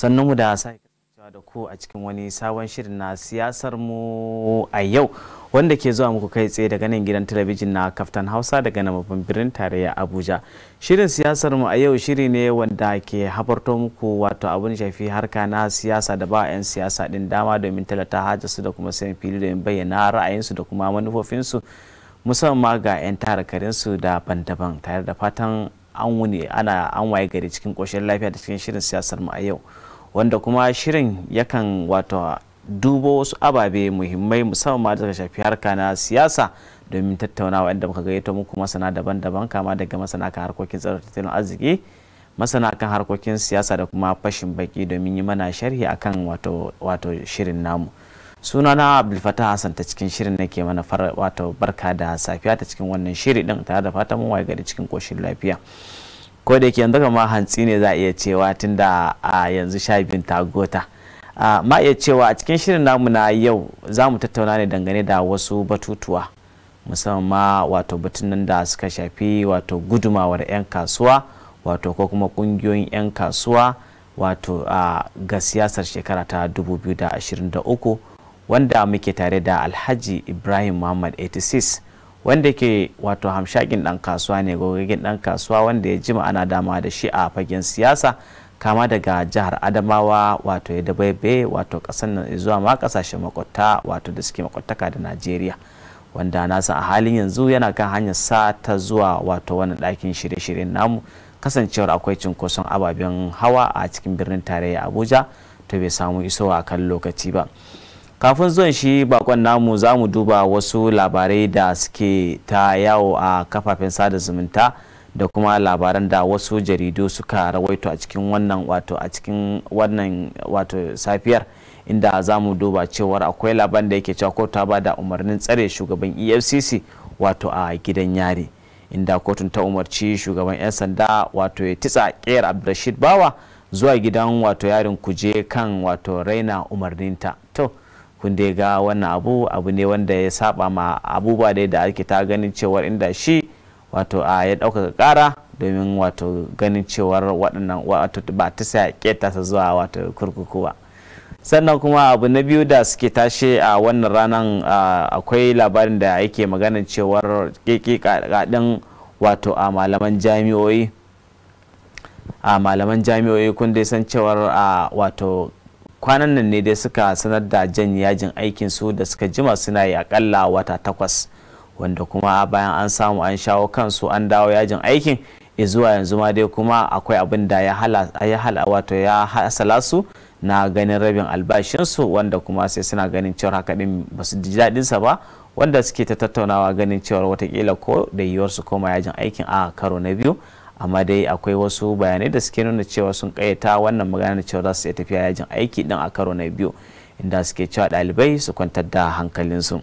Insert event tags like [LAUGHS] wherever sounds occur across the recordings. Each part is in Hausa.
sannan mu da sake kasancewa da ku a cikin wani sabon shirin na siyasar mu a yau wanda ke zuwa muku kai tsaye daga nan gidan talabijin na kaftan hausa daga nan babban birnin tarayya abuja shirin siyasar mu a yau shiri ne wanda ke habarto muku wato abun shafi harka na siyasa da ba 'yan siyasa din dama domin talata su da kuma sayan fili domin bayyana ra'ayinsu da kuma manufofinsu musamman ma ga 'yan tarakarinsu daban-daban tare da fatan an wuni ana an waye gari cikin ƙoshin lafiya da cikin shirin siyasar mu a yau wanda kuma shirin yakan wato dubo wasu ababe muhimmai musamman da suka shafi harka na siyasa domin tattaunawa inda muka gayyato muku masana daban-daban kama daga masana kan harkokin tsaro tattalin arziki masana kan harkokin siyasa da kuma fashin baki domin yi mana sharhi akan wato wato shirin namu sunana abdulfata hassan ta cikin shirin na ke mana wato barka da safiya ta cikin wannan shiri din tare da fatan mun waye gari cikin koshin lafiya ko da yake yanzu kama hantsi ne za a iya cewa tun da yanzu sha biyun tagota ma iya cewa a cikin shirin namu na yau za mu tattauna ne dangane da wasu batutuwa musamman ma wato batun nan da suka shafi wato gudumawar 'yan kasuwa wato ko kuma kungiyoyin 'yan kasuwa wato a ga siyasar shekara ta 2023 wanda muke tare da alhaji ibrahim muhammad 86 wanda ke wato hamshakin dan kasuwa ne gogagin dan kasuwa wanda ya jima ana dama da shi a fagen siyasa kama daga jihar adamawa wato ya dabaibe wato kasan nan zuwa ma kasashen makwabta wato da suke makwabtaka da najeriya wanda na a halin yanzu yana kan hanyar sa ta zuwa wato wani ɗakin shirye-shiryen namu kasancewar akwai cinkoson ababen hawa a cikin birnin tarayya abuja to bai samu isowa a kan lokaci ba kafin zuwan shi bakon namu za mu duba wasu labarai da suke ta yawo a kafafen sada zumunta da kuma labaran da wasu jaridu suka rawaito a cikin wannan wato a cikin wannan wato safiyar inda za mu duba cewar akwai labaran da yake cewa kotu ta ba da umarnin tsare shugaban efcc wato a gidan yari inda kotun ta umarci shugaban 'yan sanda wato ya titsa ƙiyar abdulrashid bawa zuwa gidan wato yarin kuje kan wato raina umarninta to kun dai ga wannan abu abu ne wanda ya saba ma abubuwa dai da ake ta ganin cewar inda shi wato a ya ɗaukaka ƙara domin wato ganin cewar waɗannan wato ba ta sa keta ta zuwa wato kurkuku ba sannan kuma abu na biyu da suke tashe a wannan ranar akwai labarin da yake maganin cewar kikikaɗin wato a malaman jami'oi a malaman jami'oi kun dai san cewar a wato kwanan nan ne dai suka sanar da jan yajin aikin su da suka jima suna yi akalla wata takwas wanda kuma bayan an samu an shawo kansu an dawo yajin aikin zuwa yanzu ma dai kuma akwai abin da ya hala wato ya hasala su na ganin rabin albashinsu wanda kuma sai suna ganin cewar haka din ba su ji daɗinsa ba wanda suke ta tattaunawa ganin cewar watakila ko da yiwuwar su koma yajin aikin a karo na biyu amma dai akwai wasu bayanai da suke nuna cewa sun kayyata wannan magana cewa za su iya tafiya yajin aiki din a karo na biyu inda suke cewa dalibai su kwantar da hankalinsu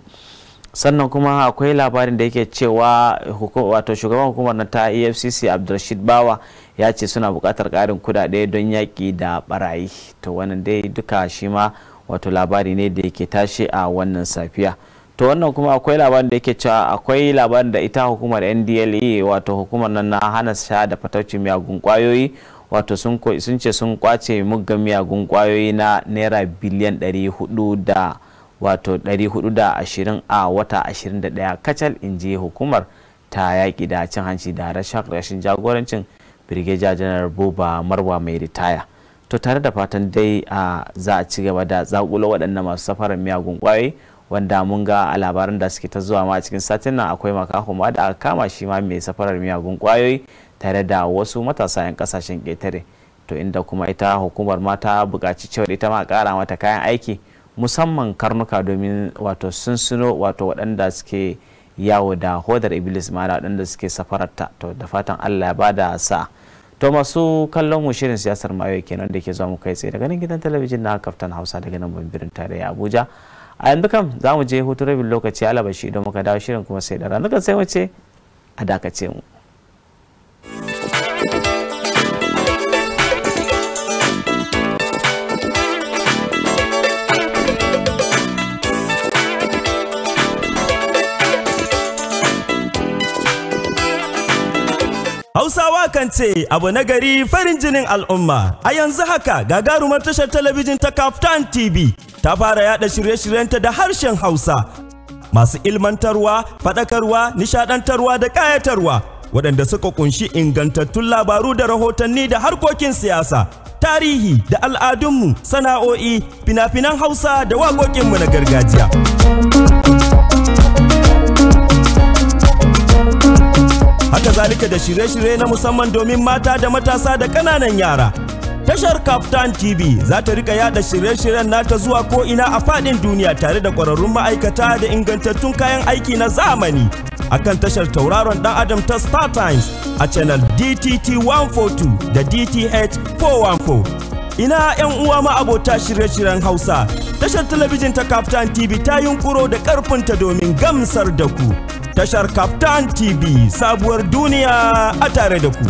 sannan kuma akwai labarin da yake cewa wato shugaban hukumar na ta efcc abdulrashid bawa ya ce suna bukatar ƙarin kudade don yaƙi da barayi to wannan dai duka shi ma wato labari ne da yake tashi a wannan safiya. to wannan kuma akwai labarin da yake cewa akwai labarin da ita hukumar ndle wato hukumar nan na hana sha da fataucin miyagun kwayoyi wato sun ce sun kwace muggan miyagun kwayoyi na naira biliyan 400 da wato 420 a wata 21 kacal in ji hukumar ta yaƙi da cin hanci da rashin jagorancin birgeja janar boba marwa mai ritaya to tare da fatan dai za a ci gaba da zakulo waɗannan masu safarar miyagun kwayoyi wanda mun ga a labaran da suke ta zuwa ma a cikin satin nan akwai makaho ma da aka kama shi ma mai safarar miyagun kwayoyi tare da wasu matasa 'yan kasashen ƙetare to inda kuma ita hukumar ma ta buƙaci cewa ita ma ƙara mata kayan aiki musamman karnuka domin wato sunsuno wato waɗanda suke yawo da hodar iblis ma da waɗanda suke ta to da fatan allah ya bada sa to masu kallon mu shirin siyasar mayo kenan da ke zuwa mu kai tsaye daga nan gidan talabijin na kaftan hausa daga nan birnin tarayya abuja a yanzu kam za mu je hutu rabin lokaci alabashi don muka dawo shirin kuma sai da ranar sai wace a dakace mu. Hausawa kan ce abu na gari farin jinin al'umma. A yanzu haka gagarumar tashar talabijin ta Kaftan TV ta fara yada shirye-shiryenta da harshen Hausa masu ilmantarwa, faɗakarwa, nishadantarwa da ƙayatarwa waɗanda suka kunshi ingantattun labaru da rahotanni da harkokin siyasa, tarihi da al'adunmu, sana'o'i, fina-finan Hausa da waƙoƙinmu na gargajiya. haka zalika da shirye-shirye na musamman domin mata da matasa da ƙananan yara Tashar Kaftan TV za ta rika yada shirye-shiryen nata zuwa ko ina a fadin duniya tare da ƙwararrun ma'aikata da ingantattun kayan aiki na zamani. Akan tashar tauraron dan Adam ta Star Times a channel DTT 142 da DTH 414. Ina 'yan uwa ma abota shirye-shiryen Hausa, tashar talabijin ta Kaftan TV ta yunkuro da ƙarfinta domin gamsar da ku. Tashar Kaftan TV sabuwar duniya a tare da ku.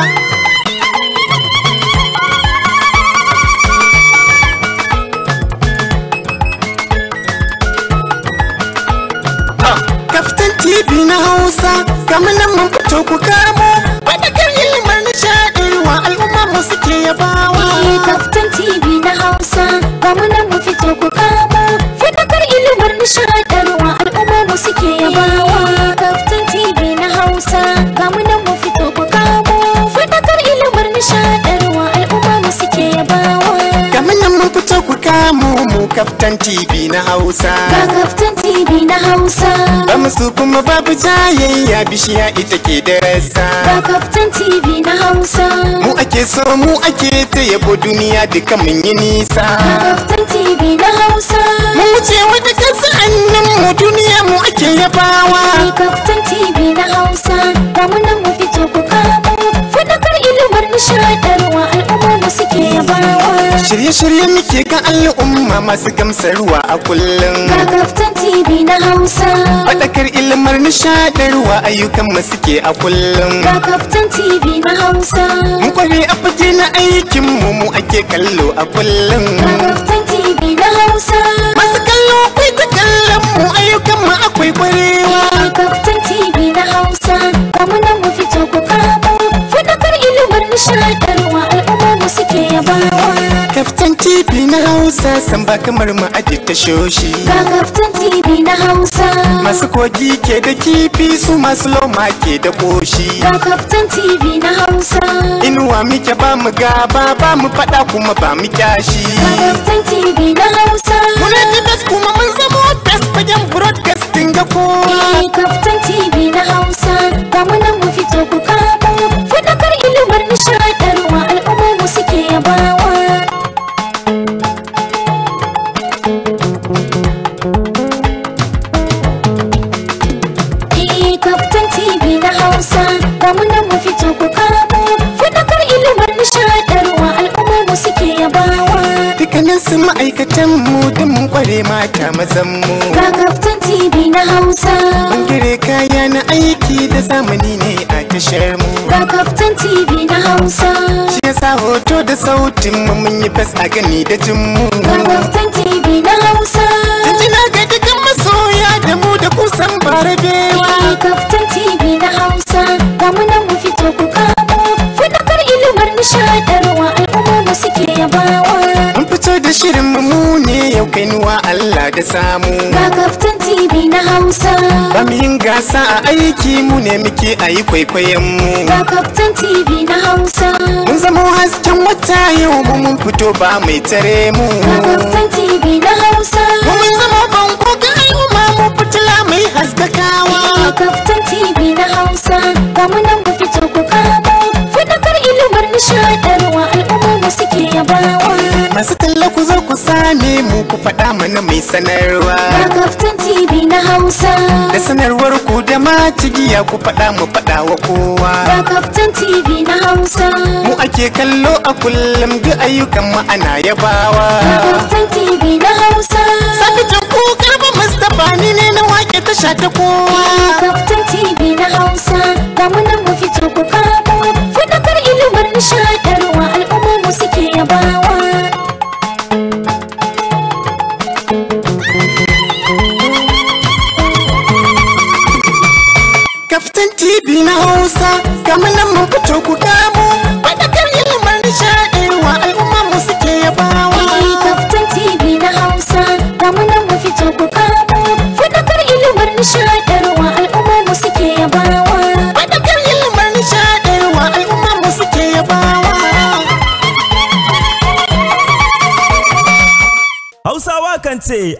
TV na Hausa kamar nan fadakar ilmar nishaɗi wa al'umma mu Eh na Hausa kamar nan fadakar ilmar nishaɗi wa al'umma mu suke yabawa. Eh, nishadarwa al'umma mu suke yabawa kamar nan mun fito ku mu kaftan tv na hausa ga kaftan tv na hausa ba musu kuma babu jayayya bishiya ita ke darasa ga kaftan tv na hausa mu ake so mu ake ta yabo duniya duka mun yi nisa ga kaftan tv na hausa mu wuce wata kasa annan mu duniya mu ake yabawa ga kaftan tv na hausa ga mu nan mu Shirye-shirye muke kan al'umma masu gamsarwa a kullum. Gagaftan TV na Hausa. Faɗakar ilimar nishaɗarwa ayyukan mu ke a kullum. Gagaftan TV na Hausa. Mun kware a fage na aikin mu mu ake kallo a kullum. Gagaftan TV na Hausa. Masu kallo kai ta kallon mu ayyukan mu akwai kwarewa. Gagaftan TV na Hausa. mu nan mu fito ku kamo. Faɗakar ilimar nishaɗarwa al'umma mu suke yabawa. Kaftan TV na Hausa san ba kamar mu aje ta shoshi. Ga Kaftan TV na Hausa. Masu kogi ke da kifi su masu loma ke da koshi. Ga Kaftan TV na Hausa. Inuwa muke ba mu gaba ba mu fada kuma ba mu kyashi. Ga Kaftan TV na Hausa. Mun ji best kuma mun zama best fagen broadcasting ga kowa. Eh Kaftan TV na Hausa. Ga mu nan mu fito ku kamo. kar ilimar nishadar wasu ma'aikatan mu dun kware mata mazan mu ga kaftan tv na hausa bangare kaya na aiki da zamani ne a tashar mu ga kaftan tv na hausa shi yasa hoto da sautin mu mun yi fes a gani da jin mu ga kaftan tv na hausa jinjina ga dukkan masoya da mu da kusan barabewa ga kaftan tv na hausa ga mu mu fito kuka. kainuwa Allah da samu ga kaftan TV na Hausa ba mu yin gasa a aiki mu ne muke a yi kwaikwayon mu ga kaftan TV na Hausa mun zama hasken wata yau mu mun fito ba mai tare mu ga kaftan TV na Hausa mun zama bango ga al'umma mu fitila mai haskakawa ga kaftan TV na Hausa ga mu nan ku fito ku kamo fadakar ilimin nishadarwa al'umma mu suke yabawa masu talla ku zo ku same mu ku faɗa mana mai sanarwa kaftan tv na hausa da sanarwar ku da ma cigiya ku faɗa mu faɗa wa kowa kaftan tv na hausa mu ake kallo a kullum duk ayyukan mu ana yabawa kaftan tv na hausa Sabitin ku karba mustapha ni ne na wake tasha ta kowa kaftan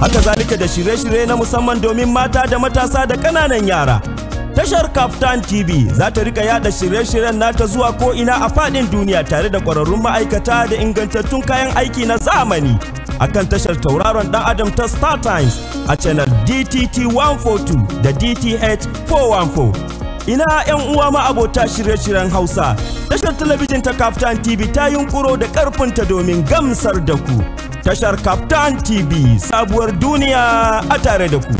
haka zalika da shirye-shirye na musamman domin mata da matasa da ƙananan yara. Tashar Kaftan TV za ta rika yada shirye-shiryen nata zuwa ko'ina a faɗin duniya tare da ƙwararrun ma'aikata da ingantattun kayan aiki na zamani. Akan tashar tauraron ɗan Adam ta Star Times a channel DTT 142 da DTH 414. Ina 'yan uwa ma abota shirye-shiryen Hausa, tashar talabijin ta Kaftan TV ta yunkuro da ƙarfinta domin gamsar da ku. Tashar Kaftan TV, sabuwar duniya a tare da ku.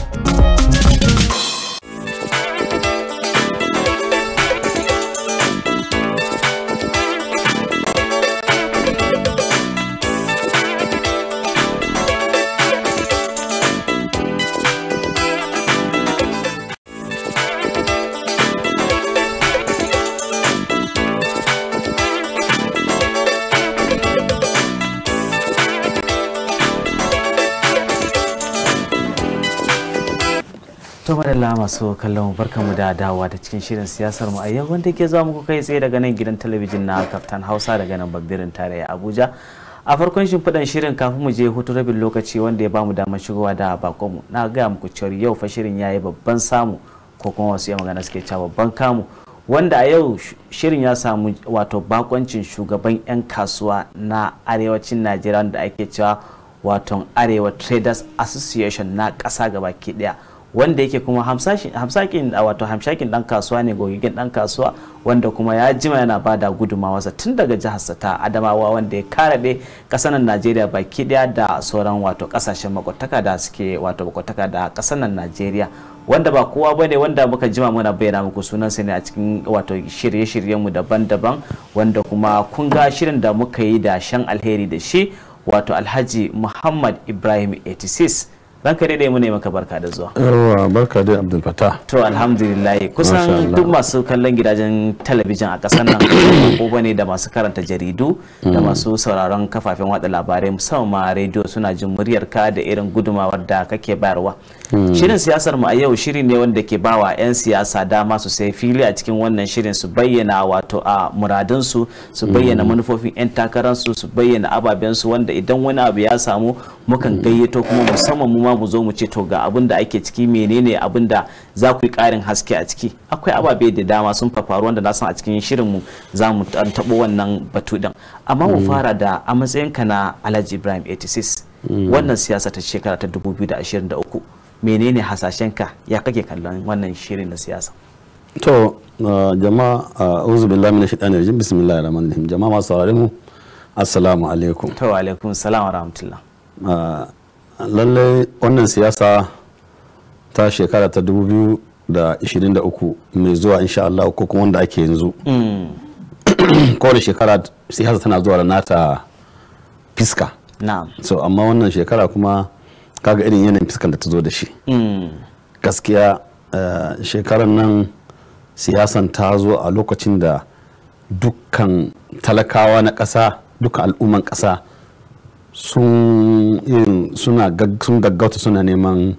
masu kallon mu da dawa ta cikin shirin siyasar mu a yau wanda ke zuwa muku kai tsaye daga nan gidan talabijin na kaftan hausa daga nan babbirin tarayya abuja a farkon shimfiɗan shirin kafin mu je hutu rabin lokaci wanda ya bamu damar shigowa da mu na gaya muku cewar yau fa shirin ya yi babban samu ko kuma wasu ya magana suke cewa babban kamu wanda a yau shirin ya samu wato bakoncin shugaban 'yan kasuwa na arewacin najeriya wanda ake cewa wato arewa traders association na ƙasa gabaki daya wanda yake kuma hamsakin wato hamshakin dan kasuwa ne gogigin dan kasuwa wanda kuma ya jima yana ba da gudumawarsa tun daga jiharsa ta adamawa wanda ya karaɗe kasanan najeriya baki ɗaya da sauran wato kasashen makwataka da suke wato makwataka da kasanan najeriya wanda ba kowa bane wanda muka jima muna bayyana muku sunan sa ne a cikin wato shirye-shiryenmu daban-daban wanda kuma kun ga shirin da muka yi da shan alheri da shi wato alhaji muhammad ibrahim 86 ranka daidai mu ne maka barka da zuwa yarwa barka dai abdul fatah to alhamdulillah kusan duk masu kallon gidajen talabijin a ƙasar nan ko bane da masu karanta jaridu da hmm. masu sauraron kafafen watsa labarai musamman ma rediyo suna jin ka da irin gudumawar da kake bayarwa Hmm. shirin siyasar mu a yau shiri ne wanda ke bawa 'yan siyasa dama su sai fili a cikin wannan shirin su bayyana wato a muradinsu hmm. su bayyana manufofin 'yan takararsu su bayyana ababensu wanda idan wani abu ya samu mukan hmm. gayyato kuma musamman mu ma mu zo mu ce to ga abin da ake ciki menene abin da za ku yi karin haske a ciki akwai ababe da dama sun faru wanda na san a cikin shirin mu za mu taɓo wannan batu din amma mu fara da a matsayinka na Alhaji Ibrahim 86 wannan siyasa ta shekara ta 2023 menene hasashenka ya kake kallon wannan shirin na siyasa to uh, jama'a uzu uh, billahi minash shaitani rajim bismillahir rahmanir rahim jama'a masu saurare mu assalamu alaikum to alaikum salam wa rahmatullah uh, lalle wannan siyasa ta shekara ta 2023 mai zuwa insha Allah ko kuma wanda ake yanzu mm. [CLEARS THROAT] kowane shekara siyasa tana zuwa da nata fiska na'am so amma wannan shekara kuma kaga irin yanayin fiskar da ta zo da shi hmm. gaskiya eh, shekarar nan siyasan ta zo a lokacin da dukkan talakawa na ƙasa dukkan al'umman ƙasa sun gaggauta suna neman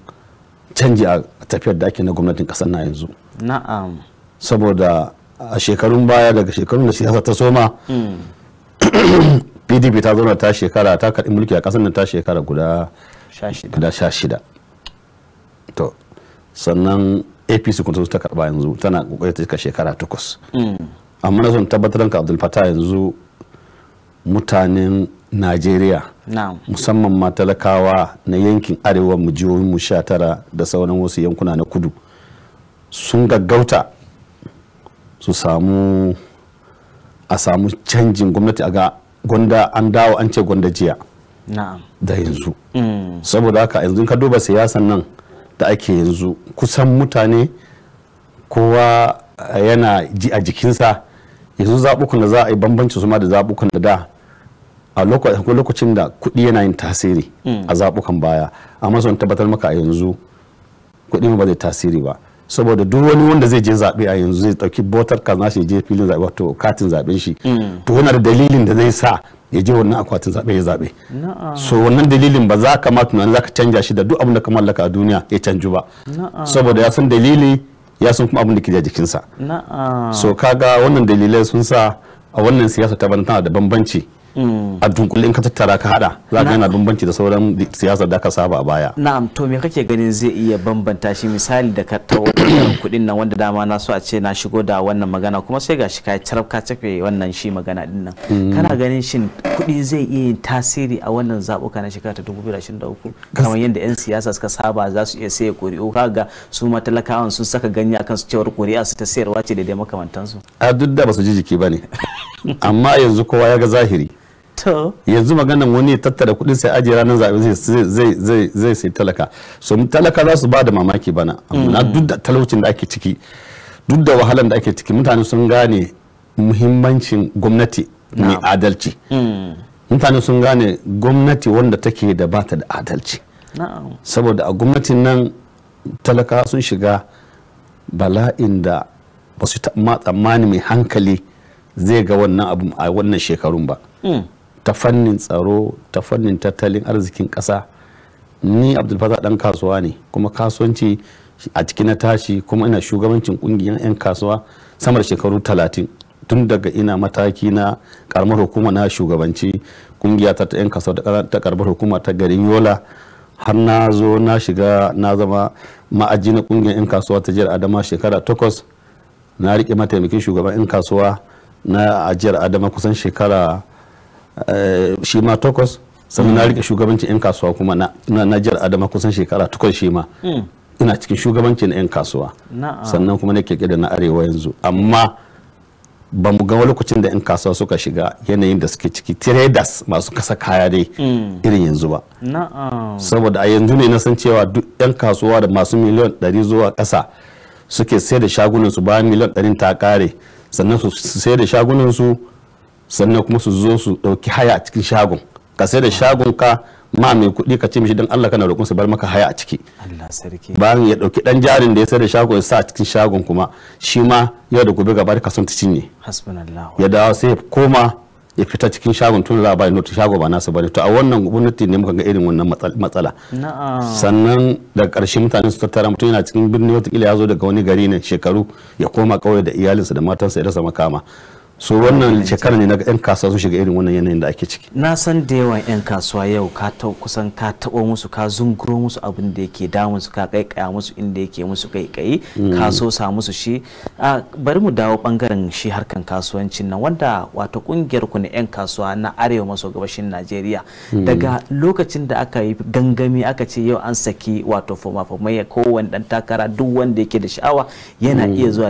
canji a tafiyar da ake na gwamnatin ƙasar na yanzu na'am saboda a shekarun baya daga shekarun da siyasa ta soma pdp hmm. [COUGHS] ta zauna ta shekara ta karɓi mulki a ƙasar nan ta shekara guda guda sha shida to sannan apc kuma ta karba yanzu tana kokarin ta cika shekara takwas mm. amma na son tabbatar ka abdul fatah yanzu mutanen najeriya musamman ma talakawa na yankin arewa mu jihohin mu sha tara da sauran wasu yankuna na kudu sun gaggauta su samu a samu canjin gwamnati a ga gwanda an dawo an ce gwanda jiya da yanzu mm. saboda haka yanzu ka duba siyasan nan da ake yanzu kusan mutane kowa yana ji a jikinsa yanzu zaɓukan da za a yi bambanci su ma da zaɓukan da da a lokacin da kuɗi yana yin tasiri mm. a zaɓukan baya amma sun tabbatar maka a yanzu kuɗi ba zai tasiri ba saboda duk wani wanda zai je zaɓe a yanzu zai ɗauki botar kaza shi je filin zaɓe wato katin zaɓen shi mm. to yana da dalilin da zai sa ya je wannan akwatin zaɓe ya zabe so wannan dalilin ba za ka ma tunanin za ka canja shi da duk abin da ka mallaka a duniya ya canju ba saboda ya san dalili ya san kuma abin da ke da sa so kaga wannan dalilai sun sa a wannan siyasa ta bana tana da bambanci a dunkule in ka tattara ka hada za ka yana bambanci da sauran siyasar da aka saba a baya na'am to me kake ganin zai iya bambanta shi misali da ka tawo [COUGHS] kudin nan wanda dama na so a ce na shigo da wannan magana kuma sai ga shi ka carab ka tafe wannan shi magana din nan mm. kana ganin shin kudi zai iya tasiri a wannan zabuka na shekara ta 2023 kamar yadda yan siyasa suka saba za su iya saye kuri'u ga su ma sun saka ganye akan su cewar kuri'a su ta sayarwa ce da dai makamantansu a duk da ba su ji jiki ba ne [LAUGHS] amma yanzu kowa ya ga zahiri To. yanzu maganan wani ya tattara kuɗin sai ajiye ranar zabe zai zai sai talaka so talaka za su ba da mamaki bana amma mm. duk da talaucin da ake ciki duk da wahalan da ake ciki mutane sun gane muhimmancin gwamnati mai adalci mm. mutane sun gane gwamnati wanda take da bata da adalci saboda a gwamnatin nan talaka sun shiga bala'in da ba su tsammani mai hankali zai ga wannan abu a wannan shekarun ba mm. ta fannin tsaro ta fannin tattalin arzikin ƙasa ni abdulfatah dan kasuwa ne kuma kasuwanci a ciki na tashi kuma ina shugabancin kungiyar 'yan kasuwa sama da shekaru talatin tun daga ina mataki na karamar hukuma na shugabanci kungiya ta 'yan kasuwa ta karamar hukuma ta garin yola har na zo na shiga na zama ma'aji na kungiyar 'yan kasuwa ta jihar adama shekara 8 na rike mataimakin shugaban 'yan kasuwa na ajiyar adama kusan shekara Eh, shi ma takwas sannan na rike shugabancin 'yan kasuwa kuma na najar adama kusan shekara takwas shi ma hmm. ina cikin shugabancin 'yan kasuwa sannan kuma nake kira na arewa yanzu amma ba mu ga lokacin da 'yan kasuwa suka shiga yanayin da suke ciki traders masu kasa kaya dai hmm. irin yanzu ba saboda a yanzu ne na san cewa duk 'yan kasuwa da masu miliyan 100 zuwa ƙasa suke sai da shagunansu bayan miliyan 100 ta kare sannan su sai da shagunansu. sannan kuma su zo su ɗauki haya a cikin shagon ka sai da shagon ka ma mai kuɗi ka ce mishi don Allah kana roƙon su bar maka haya a ciki bayan ya dauki ɗan jarin da ya sai da shagon ya sa a cikin shagon kuma shi ma yau da gobe gaba da kason ta cinye ya dawo sai ya koma ya fita cikin shagon tun za a bayan noti shago ba nasu bane to a wannan gwamnati ne muka ga irin wannan matsala sannan daga karshe mutane su tattara mutum yana cikin birni watakila ya zo daga wani gari ne shekaru ya koma ƙauye da iyalinsa da matansa ya rasa makama so wannan shekara ne na yan kasuwa sun shiga irin wannan yanayin da ake ciki na san da yawan yan kasuwa yau ka kusan ka taɓo musu ka zunguro musu abin da yake damun su ka kaikaya musu inda yake musu kaikayi mm. ka so sa musu shi bari mu dawo bangaren shi harkan kasuwancin nan wanda wato kungiyar ku na yan kasuwa na arewa maso gabashin najeriya mm. daga lokacin da aka yi gangami aka ce yau an saki wato fama ya kowane dan takara duk wanda yake da sha'awa yana mm. iya zuwa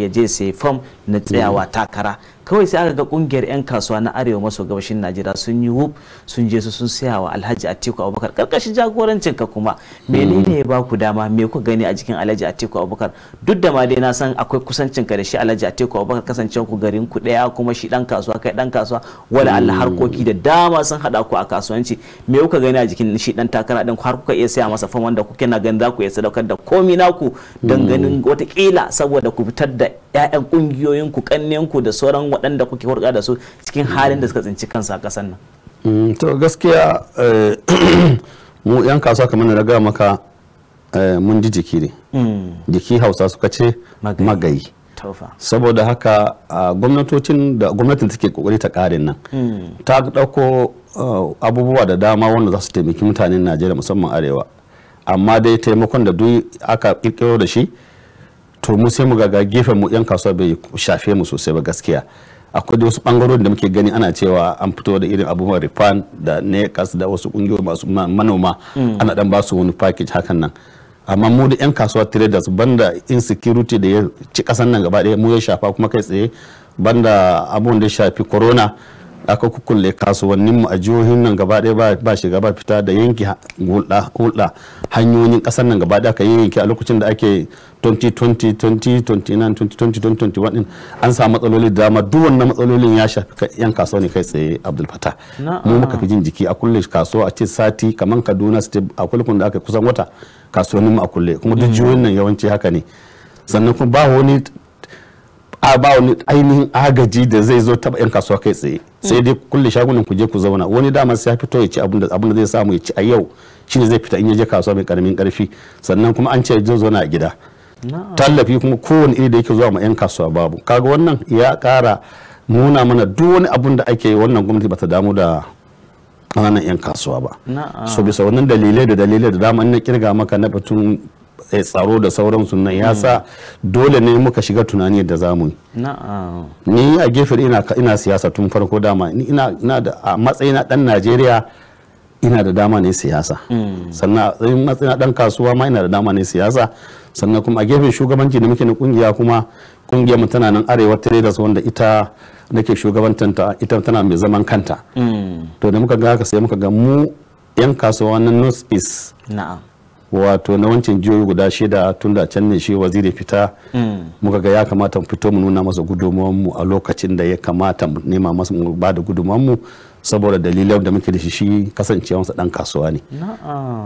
ya je sai fam na tsayawa takara kawai sai aka ga kungiyar 'yan kasuwa na arewa maso gabashin najeriya sun yi wuf sun je su sun saya wa alhaji atiku abubakar karkashin jagorancin ka kuma hmm. menene ya ku dama me ku gani a jikin alhaji atiku abubakar duk da ma dai na san akwai kusancin ka da shi alhaji atiku abubakar kasancewa ku garin ku daya kuma shi dan kasuwa kai dan kasuwa wala allah hmm. harkoki da dama sun hada ku a kasuwanci me kuka gani a jikin shi dan takara din har kuka iya siya masa fan wanda kuke na ganin za ku iya sadaukar da komi naku dan hmm. ganin watakila saboda ku fitar da 'ya'yan ku kannenku da sauran waɗanda kuke hurɗa da su cikin halin da suka tsinci kansa a ƙasar nan mm, to gaskiya eh, [CLEARS THROAT] mu yan kasuwa kamar na raga maka eh, mun ji jiki ne mm. jiki hausa suka ce magayi saboda haka gwamnatocin da gwamnatin take kokari ta karin nan mm. ta dauko eh, abubuwa da dama wanda za su taimaki mutanen najeriya musamman arewa amma dai taimakon da duk aka kirkiro da shi to mu sai mu ga gefen mu yan kasuwa bai shafe mu sosai ba gaskiya akwai da wasu bangarorin da muke gani ana cewa an fito da irin abubuwan rifan da nekas da wasu kungiyoyi masu manoma mm. ana dan basu wani package hakan nan amma mu da yan kasuwa traders banda insecurity da ya ci kasan nan gaba ɗaya mu ya shafa kuma kai tsaye banda abun da ya shafi corona aka kukulle kasuwannin mu a jihohin nan gaba ɗaya ba shiga ba fita da yanki hulɗa hanyoyin ƙasar nan gaba ɗaya aka yanki a lokacin da ake 2020 2029 2020 an samu matsaloli da dama duk wannan matsalolin ya shafi yan kasuwa ne kai tsaye abdul fata mu muka fi jin jiki a kulle kasuwa a ce sati kamar kaduna state a kulle da aka kusan wata kasuwannin mu a kulle kuma duk mm. jihohin nan yawanci haka ne sannan kuma ba wani a ba wani ainihin agaji da zai zo taba yan kasuwa kai tsaye sai dai kulle shagunan ku je ku zauna wani dama sai ya fito ya ci abin da zai samu ya ci a yau shine zai fita in ya je kasuwa mai karamin karfi sannan kuma an ce zai zo na gida tallafi kuma kowane iri da yake zuwa ma yan kasuwa babu kaga wannan ya kara nuna mana duk wani abun da ake wannan gwamnati bata damu da ƙananan 'yan kasuwa ba. So bisa wannan dalilai da dalilai da dama na kirga maka na batun Eh, tsaro da sauran sunan ya sa dole ne muka shiga tunani da zamu ni a gefe ina ina siyasa tun farko dama ina ina da a matsayina dan Najeriya ina da dama ne siyasa mm. sannan a matsayina dan kasuwa ma ina da dama ne siyasa sannan kuma a gefen shugabanci da muke na kungiya kuma kungiyar mu tana nan arewa su wanda ita nake shugabantanta ita tana mai zaman kanta mm. to da muka ga haka sai muka ga mu yan kasuwa na north east na'am wato na wancan jihohi guda shida tun da can ne shi waziri fita mm. muka ga ya kamata mu fito mu nuna masa gudunmuwan mu a lokacin da ya kamata mu nema masa mu ba da gudunmuwan mu saboda dalilan da muke da shi shi kasancewansa dan kasuwa ne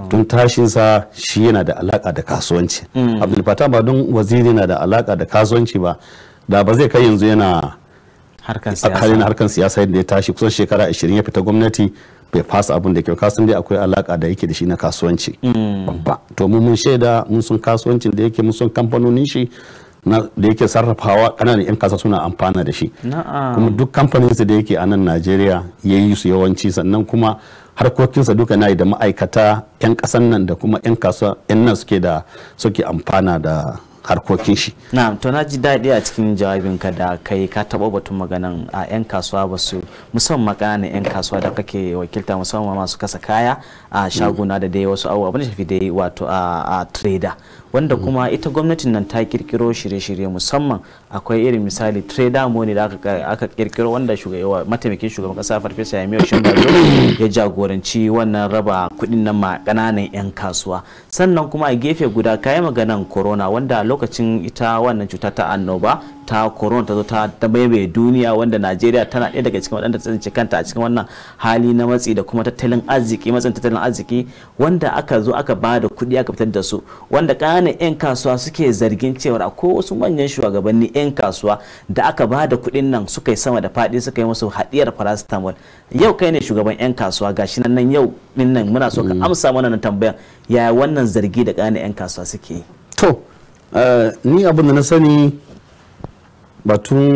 tun tashinsa shi yana da alaka da kasuwanci mm. abdul fatah ba don waziri yana da alaka da kasuwanci ba da ba zai kai yanzu yana harkar siyasa harkar siyasa yadda ya tashi kusan shekara 20 ya fita gwamnati bai fasa abin da kyau kasan dai akwai alaka da yake da shi na kasuwanci mm. babba to mun mun shaida mun sun kasuwancin da yake mun sun kamfanonin shi da yake sarrafawa kananan yan kasa suna amfana da shi kuma duk sa da yake a nan najeriya yayi yi su yawanci sannan kuma harkokinsa duka na yi da ma'aikata yan kasan nan da kuma yan kasuwa yan nan suke da suke amfana da harkokin shi na'am to na ji daɗi a cikin jawabin ka da kai ka taɓa batun maganan a 'yan kasuwa ba su musamman makana 'yan kasuwa da kake wakilta musamman masu kasa kaya a shaguna da dai wasu abubuwa abin da shafi dai wato a trader wanda mhm. kuma ita gwamnatin nan ta kirkiro shirye-shirye musamman akwai irin misali trade money da aka kirkiro wanda mataimakin shugaban kasa farfesa ya miyo shimbazo [COUGHS] ya jagoranci wannan raba kudin nan ma kananan 'yan kasuwa sannan kuma a gefe guda kayan maganan corona wanda lokacin ita wannan cuta ta annoba ta corona ta zo ta dabaibaye duniya wanda najeriya tana ɗaya daga cikin waɗanda tsinci kanta a cikin wannan hali na matsi da kuma tattalin arziki matsin tattalin arziki wanda aka zo aka ba da kuɗi aka fitar da su wanda ƙananan 'yan kasuwa suke zargin cewa ko wasu manyan shugabanni 'yan kasuwa da aka ba da kuɗin nan suka yi sama da faɗi suka yi musu haɗiyar paracetamol yau kai ne shugaban 'yan kasuwa gashi nan nan yau ɗin nan muna so ka mm. amsa mana nan tambayan yaya wannan zargi da ƙananan 'yan kasuwa suke yi to eh, ni abin da na sani batun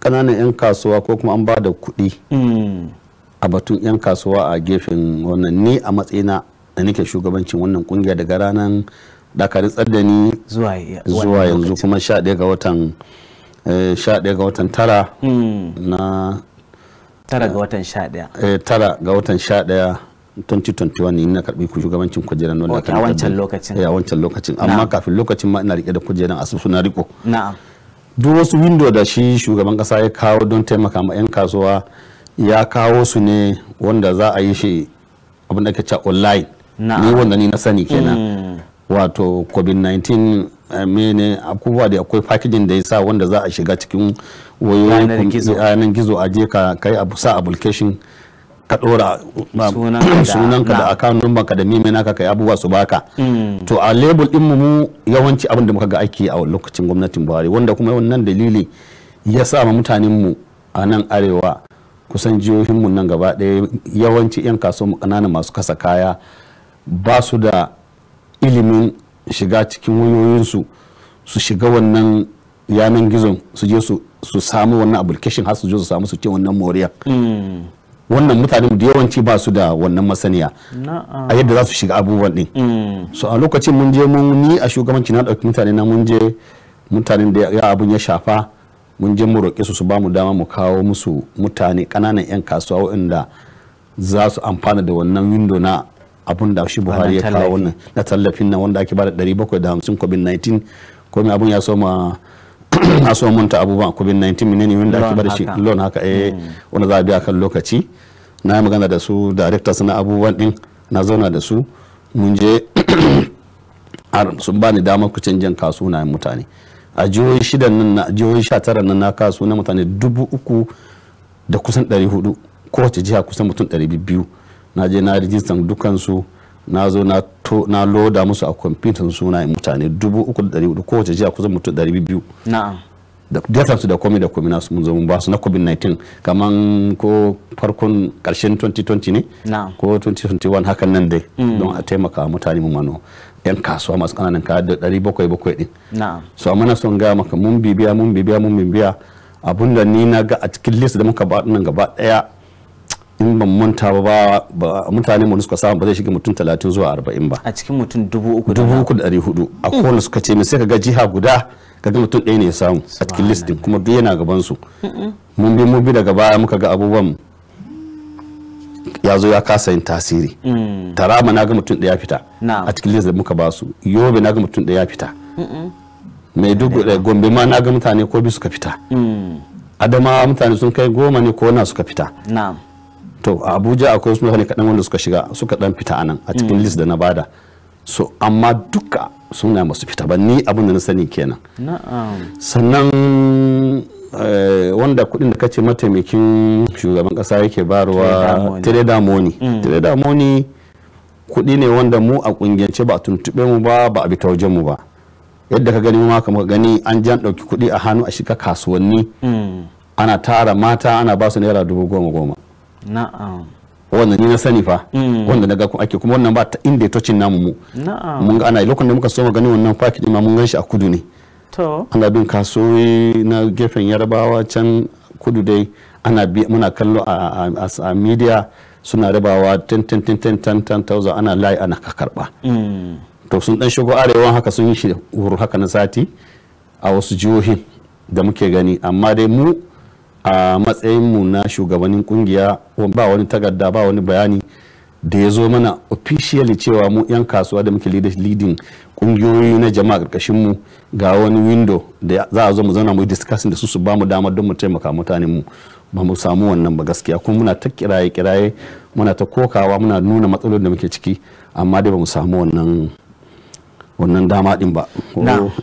ƙananan 'yan kasuwa ko kuma an ba da kuɗi a batun 'yan kasuwa a gefen wannan ni a matsayina da nake shugabancin wannan kungiya daga ranar dakarun tsaddani zuwa yanzu kuma 11 ga watan eh, ga watan tara hmm. na tara ga watan 11 eh, tara ga watan 11 2021 ina karbi ku shugabancin kujeran nan a wancan lokacin eh, a wancan lokacin amma kafin lokacin ma ina rike da kujeran a na riko na'am duk wasu window da shi shugaban kasa ya kawo don taimaka ma yan kasuwa ya kawo su ne wanda za a yi shi abin da ake cewa online ni wanda ni na sani kenan hmm. wato covid-19 eh, mene abubuwa da akwai fakijin da ya sa wanda za a shiga cikin wayoyin yanar gizo a je ka kai abu sa application ka dora [CLEARS THROAT] sunanka da account number ka da nime naka kai abubuwa su baka mm. to a label din mu yawanci abin da muka ga aiki a lokacin gwamnatin Buhari wanda kuma wannan dalili ya sa ma mutanen mu a nan arewa kusan jihohin mu nan gaba ɗaya yawanci yan kaso mu kananan masu kasa kaya ba su da ilimin shiga cikin wayoyin su su shiga wannan yanan gizon su je su samu wannan application har su je su samu su ce wannan moriya. Mm. wannan mutane da yawanci ba su da wannan masaniya a yadda za su shiga abubuwan din mm. so a lokacin mun je mun ni a shugabanci na ɗauki mutane na mun je mutanen da ya abun ya shafa mun je mu roƙe su su ba mu dama mu kawo musu mutane ƙananan 'yan kasuwa waɗanda za su amfana da wannan windo na abun da shi buhari ya kawo wannan na tallafin nan wanda ake ba da 750 covid-19 komai abun ya soma a so manta abubuwan kubin 19 ne wanda ake bar shi lon haka eh hmm. wanda za a biya kan lokaci na yi magana da su directors na abubuwan din na zauna da su mun je [CLEARS THROAT] sun bani damar ku canjin kasu na mutane a jihohi shida nan na jihohi sha tara nan na kasu na mutane dubu uku da kusan ɗari hudu kowace jiha kusan mutum ɗari biyu na je na rijistan dukansu na zo na loda musu a kwamfutan suna mutane dubu uku da hudu kowace jiya kusan mutum 200 biyu da datan su da komai da komai nasu mun zo mun ba su na covid-19 kaman ko farkon karshen 2020 ne ko 2021 hakan nan dai mm. don a taimaka mutane mu mano yan kasuwa masu kananan kaya da ɗari bakwai bakwai din so amma na son gaya maka mun bibiya mun bibiya mun bibiya abinda ni na ga a cikin list da muka ba nan gaba ɗaya in ban manta ba ba mutane mu suka samu ba zai shiga mutum 30 zuwa 40 ba a cikin mutum 3,400 a kowane suka ce mai sai ka ga jiha guda kaga mutum ɗaya ne ya samu a cikin list kuma duk yana gaban su mun bi mun bi daga baya muka ga abubuwan ya zo ya kasa yin tasiri mm. tarama na ga mutum ɗaya fita a cikin list da muka ba su yobe na ga mutum ɗaya fita mai duk eh, gombe ma na ga mutane ko bi suka fita mm. adama mutane sun kai goma ne ko na suka fita to a abuja akwai wasu mutane kaɗan wanda suka shiga suka ɗan fita anan a cikin mm. list da na bada so amma duka suna masu fita ba ni abin da na sani kenan sannan eh, wanda kudin da kace mataimakin shugaban kasa yake barwa tireda moni tireda moni mm. kudi ne wanda mu a kungiyance ba a tuntube mu ba ba a bi wajen mu ba yadda ka gani ma kamar gani an jan ɗauki kudi a hannu a shiga kasuwanni mm. ana tara mata ana ba su naira dubu goma goma na'am wannan ni na sani fa mm. wanda daga kun ake kuma wannan ba ta inda ya tocin namu mu mun ga ana lokacin da muka so mu gani wannan faki ma mun gan shi a kudu ne to ana bin kasuwoyi na gefen yarbawa can kudu dai ana bi muna kallo a media suna rabawa 10 tan 10 10 ana layi ana karba mm. to sun dan shigo arewa haka sun yi shi haka na sati a wasu jihohin da muke gani amma dai mu a matsayinmu na shugabannin kungiya ba wani takarda ba wani bayani da ya zo mana officially cewa mu 'yan kasuwa da muke leading kungiyoyi na jama'a karkashin mu ga wani window da za a zo mu zauna mu discussing da su su mu damar don mu taimaka mutanen mu ba mu samu wannan ba gaskiya kuma muna ta kiraye kiraye muna ta kokawa muna nuna matsalolin da muke ciki amma dai ba mu samu wannan wannan dama din ba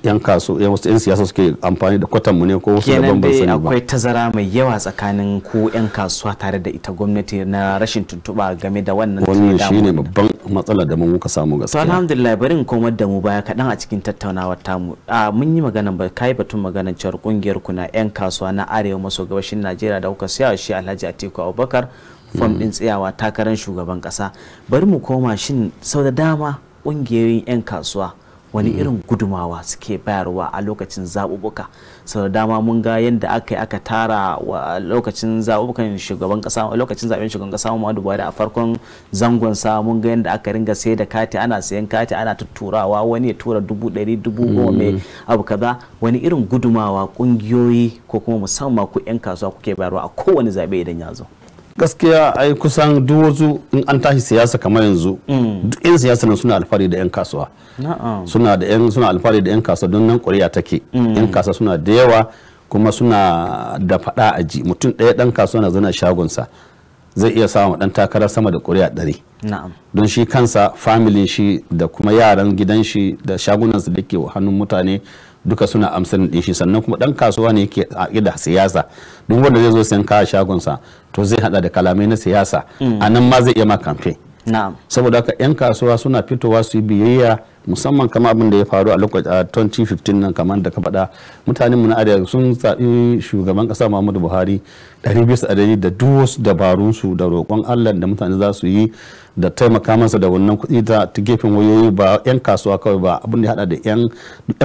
yan kaso yan wasu yan siyasa suke amfani da kwatan mu ne ko wasu daban ba sani ba akwai tazara mai yawa tsakanin ko yan kasuwa tare da ita gwamnati na rashin tuntuba game da wannan wannan shine babban matsala da muka samu gaskiya to alhamdulillah bari in komar da mu baya kadan a cikin tattaunawar tamu a mun yi magana ba kai batun maganar cewar kungiyar ku na yan kasuwa na arewa maso gabashin Najeriya da kuka siya shi Alhaji Atiku Abubakar fom din mm. tsayawa takarar shugaban kasa bari mu koma shin sau da dama kungiyoyin yan kasuwa wani mm-hmm. irin gudumawa suke bayarwa a lokacin zaɓuɓɓuka sau dama mun ga yadda aka yi aka tara wa lokacin zaɓuɓɓukan shugaban ƙasa lokacin zaɓen shugaban ƙasa Muhammadu Buhari a farkon zangon sa mun ga yadda aka ringa sai da kati ana sayan kati ana tutturawa wani ya tura dubu ɗari dubu goma mai mm-hmm. abu kaza wani irin gudumawa ƙungiyoyi ko kuma musamman ku 'yan kasuwa kuke bayarwa a kowane zaɓe idan ya zo. gaskiya ai kusan duk wasu in an tashi siyasa kamar yanzu mm. duk yan siyasa nan suna alfahari da yan kasuwa suna da yan alfahari da yan kasuwa don nan ƙuriya take mm. yan kasuwa suna da yawa kuma suna da faɗa a ji mutum ɗaya ɗan kasuwa na zana shagonsa zai iya samun ɗan takarar sama da ƙuri'a ɗari don shi kansa familin shi da kuma yaran gidan shi da shagunansa da ke hannun mutane duka suna amsar din shi sannan kuma dan kasuwa ne yake da siyasa duk wanda zai zo sayan kaya sa to zai hada da kalamai na siyasa mm. a nan ma zai iya ma kamfe saboda haka yan kasuwa suna fitowa su yi biyayya musamman kama abin da ya faru a lokacin 2015 nan kamar da ka faɗa mutanen mu na arewa sun zaɓi shugaban kasa Muhammadu Buhari 200 da duk wasu dabarun su da roƙon Allah da mutane za su yi da taimaka masa da wannan kuɗi ta gefen wayoyi ba 'yan kasuwa kawai ba abin da hada da 'yan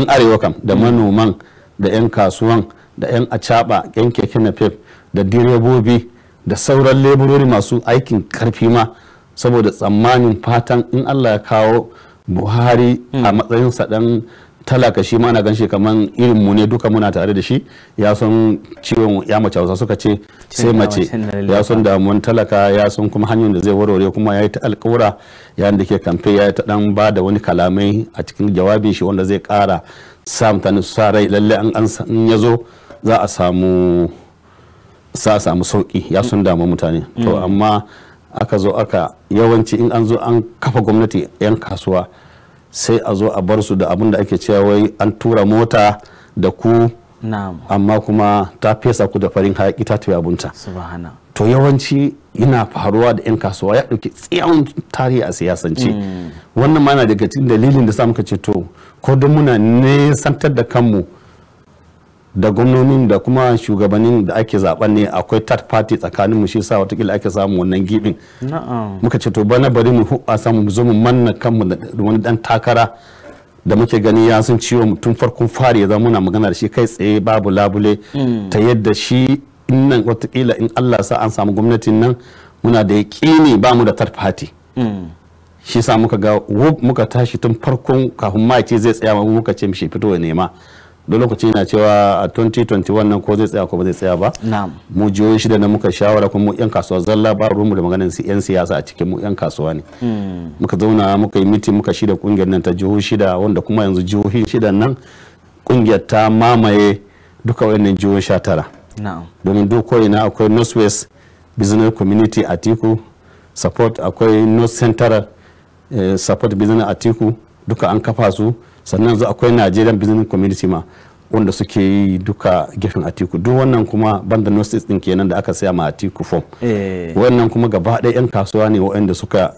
arewa kam da manoman da 'yan kasuwan da 'yan acaba 'yan keke na fef da direbobi da sauran leburori masu aikin karfi ma saboda tsammanin fatan in allah ya kawo buhari a mm. matsayin dan talaka shi ma na gan shi kaman irin mu ne duka muna tare da shi ya san ciwon ya mace hausa suka ce sai mace ya san damuwan talaka ya san kuma hanyar da zai warware kuma ya yi ta alkawura yayin da ke kamfe ya yi ta dan ba da wani kalamai a cikin jawabin shi wanda zai kara sa mutane su sa rai lalle an in ya zo za a samu sa a samu sauki ya sun damu mutane to mm. amma aka zo aka yawanci in an zo an kafa gwamnati yan kasuwa sai a zo a bar su da abin da ake cewa wai an tura mota da ku amma kuma ta fesa ku da farin hayaki ta tuya abunta to yawanci ina faruwa da 'yan kasuwa ya ɗauki tsayawan tarihi a siyasance hmm. wannan mana daga cikin dalilin da sa muka ce to ko don muna nesantar da kanmu da gwamnonin da kuma shugabannin da ake zaben ne akwai third party tsakanin mu shi sa watakila ake samu wannan gibin muka ce to bana bari mu a samu mu zo mu manna kanmu da wani dan takara da muke gani ya sun ciwo tun farkon fari ya zama muna magana da shi kai tsaye babu labule hmm. ta yadda shi nan watakila in Allah sa an samu gwamnatin nan muna da yaƙini ba mu da third party hmm. shi sa muka ga muka tashi tun farkon kafin ma ce zai tsaya muka ce shi fito ya nema don lokaci na cewa a 2021 nan ko zai tsaya ko ba zai tsaya ba mu jiyoyi shida na muka shawara kuma mu yan kasuwa zalla ba ruwanmu da maganin yan siyasa a cikin mu yan kasuwa ne hmm. muka zauna muka yi miti muka shida kungiyar nan ta jihohi shida wanda kuma yanzu jihohi shida nan kungiyar ta mamaye duka wayannan jihohi sha tara domin duk na akwai northwest business community atiku support akwai north central eh, support business atiku duka an kafa su sannan za akwai nigerian business community ma wanda suke yi duka gefen atiku duk wannan kuma banda nosis din kenan da aka saya ma atiku form eh. wannan kuma gaba ɗaya 'yan kasuwa ne waɗanda suka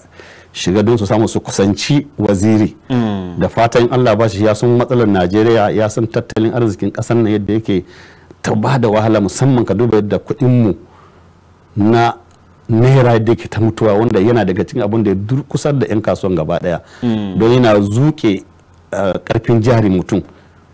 shiga don su samu su kusanci waziri mm. da fatan allah ba shi ya sun matsalar najeriya ya san tattalin arzikin ƙasar nan yadda yake ta ba da wahala musamman ka duba yadda mu na naira da ke ta mutuwa wanda yana daga cikin abin da ya durkusar da 'yan kasuwan gaba ɗaya mm. don yana zuke karfin jari mutum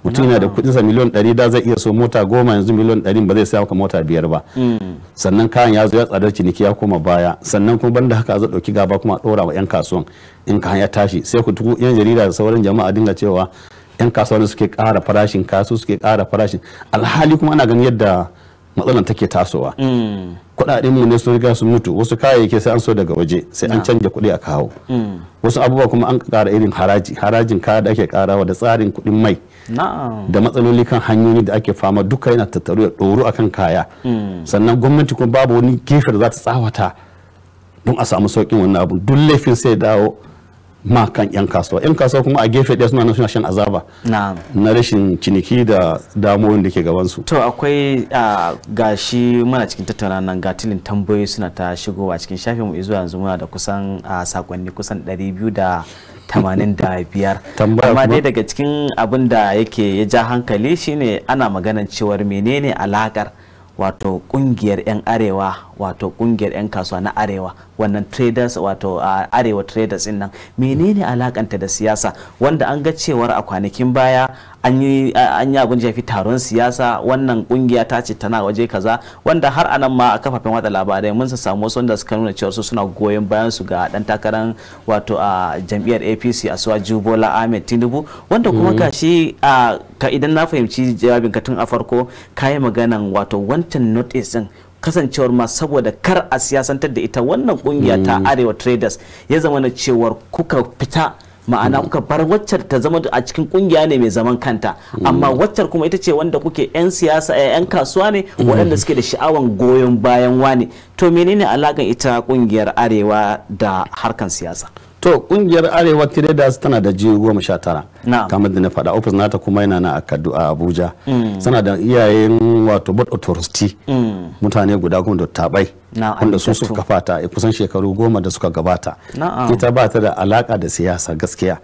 mutum yana da kudinsa miliyon ɗari da zai iya so mota goma yanzu miliyon 100 ba zai saya mota biyar ba mm. sannan kayan ya zo ya tsadar ciniki ya koma baya sannan kuma banda haka zai dauki gaba kuma dora wa yan kasuwan in kayan ya tashi sai ku tuku yan jarida da sauran jama'a dinga cewa yan kasuwan suke kara farashin kasu suke kara farashin alhali kuma ana ganin yadda matsalan take tasowa mm. kudaden mu ne sun riga sun mutu wasu kayayyaki sai an so daga waje sai an canja kuɗi a kawo mm. wasu abubuwa kuma an ƙara irin haraji harajin kaya da ake ƙarawa da tsarin kuɗin mai da matsaloli kan hanyoyi da ake fama duka yana tattaru da ɗoru akan kaya mm. sannan gwamnati kuma babu wani gefe da za ta tsawata don a samu sauƙin wannan abu duk laifin sai dawo ma kan 'yan kasuwa 'yan kasuwa kuma a gefe ɗaya suna nan suna shan azaba na rashin ciniki da damuwan da ke gabansu to akwai ga shi muna cikin tattauna nan ga tilin tambayoyi suna ta shigowa cikin shafin mu zuwa yanzu muna da kusan sakonni kusan biyar [LAUGHS] amma dai daga cikin abin da yake ya ja hankali shine ana maganan cewar menene alakar wato kungiyar 'yan arewa wato kungiyar 'yan kasuwa na arewa wannan traders wato a arewa traders din nan menene alakanta da siyasa wanda an ga cewar a kwanakin baya an yi abin jafi taron siyasa wannan kungiya ta ce tana waje kaza wanda har anan ma a kafafen wata labarai mun sa samu wasu wanda suka nuna cewa su suna goyon bayan su ga dan takarar wato a jam'iyyar APC a suwa Jubola Ahmed Tinubu wanda kuma ka mm-hmm. shi ka idan na fahimci jawabin ka tun a farko kayi maganan wato wancan notice din kasancewar ma saboda kar a siyasantar da ita wannan kungiya ta mm. arewa traders ya zama na cewar kuka fita ma'ana mm. kuka bar waccar ta zama a cikin kungiya ne mai zaman kanta mm. amma waccar kuma ita ce wanda kuke 'yan siyasa 'yan eh, kasuwa ne waɗanda suke da sha'awan goyon bayan wani to menene alakan ita kungiyar arewa da harkan siyasa to kungiyar arewa traders tana da jiyo goma sha tara kamar da na faɗa ofis nata kuma yana na a abuja sana mm. da iyayen wato board authority mm. mutane guda kuma da tabai wanda su suka kafata a kusan shekaru goma da suka gabata ita ba ta da alaka da siyasa gaskiya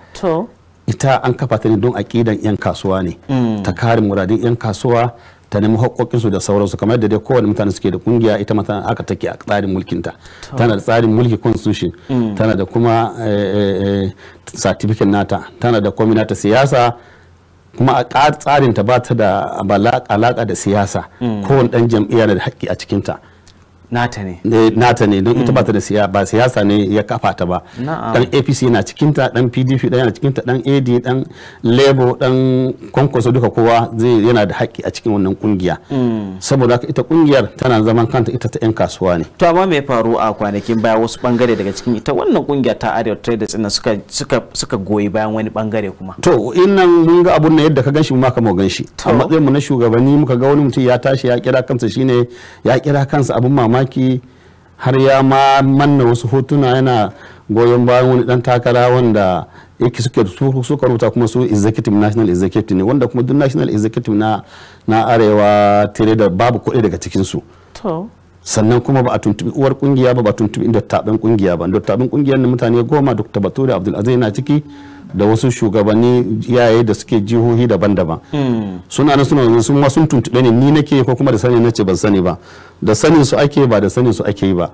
ita an kafa ta ne don aƙidan 'yan kasuwa ne mm. ta kare muradin 'yan kasuwa ta nemi haƙoƙinsu da sauransu kamar yadda dai kowane mutane suke da kungiya ita ma tana aka take a tsarin mulkinta tana da tsarin mulki constitution mm. tana da kuma eh, eh, eh, certificate nata tana da komi nata siyasa kuma a tsarin ta ba ta da alaka da siyasa mm. kowane ɗan jam'iyya na da haƙƙi a cikinta nata ne nata ne don ita mm. ba ta da siya ba siyasa ne ya kafa ta ba dan apc na cikin ta dan pdp dan yana cikin ta dan ad dan labour dan kwankwaso duka kowa zai yana da haƙƙi a cikin wannan kungiya mm. saboda haka ita kungiyar tana zaman kanta ita ta yan kasuwa ne to amma me faru a kwanakin baya wasu bangare daga cikin ita wannan kungiya ta arewa traders din suka suka suka goyi bayan wani bangare kuma to in nan mun ga abun nan yadda ka ganshi mu ma ka mu ganshi a matsayin mu na shugabanni muka ga wani mutum ya tashi ya kira kansa shine ya kira kansa abun mamaki mamaki har ya ma manna wasu hotuna yana goyon bayan wani dan takara wanda yake suke suka rubuta kuma su executive national executive ne wanda kuma duk national executive na na arewa tare da babu kuɗi daga cikin su sannan kuma ba a tuntubi uwar kungiya ba ba tuntubi inda taben kungiya ba inda taben kungiyar mutane goma dr bature abdulaziz na ciki da wasu shugabanni yaye da suke jihohi daban-daban hmm. suna nan suna sun ma sun tuntuɓe ne ni nake ko kuma da sani na ce ban sani ba da sanin su ake ba da sanin su ake yi ba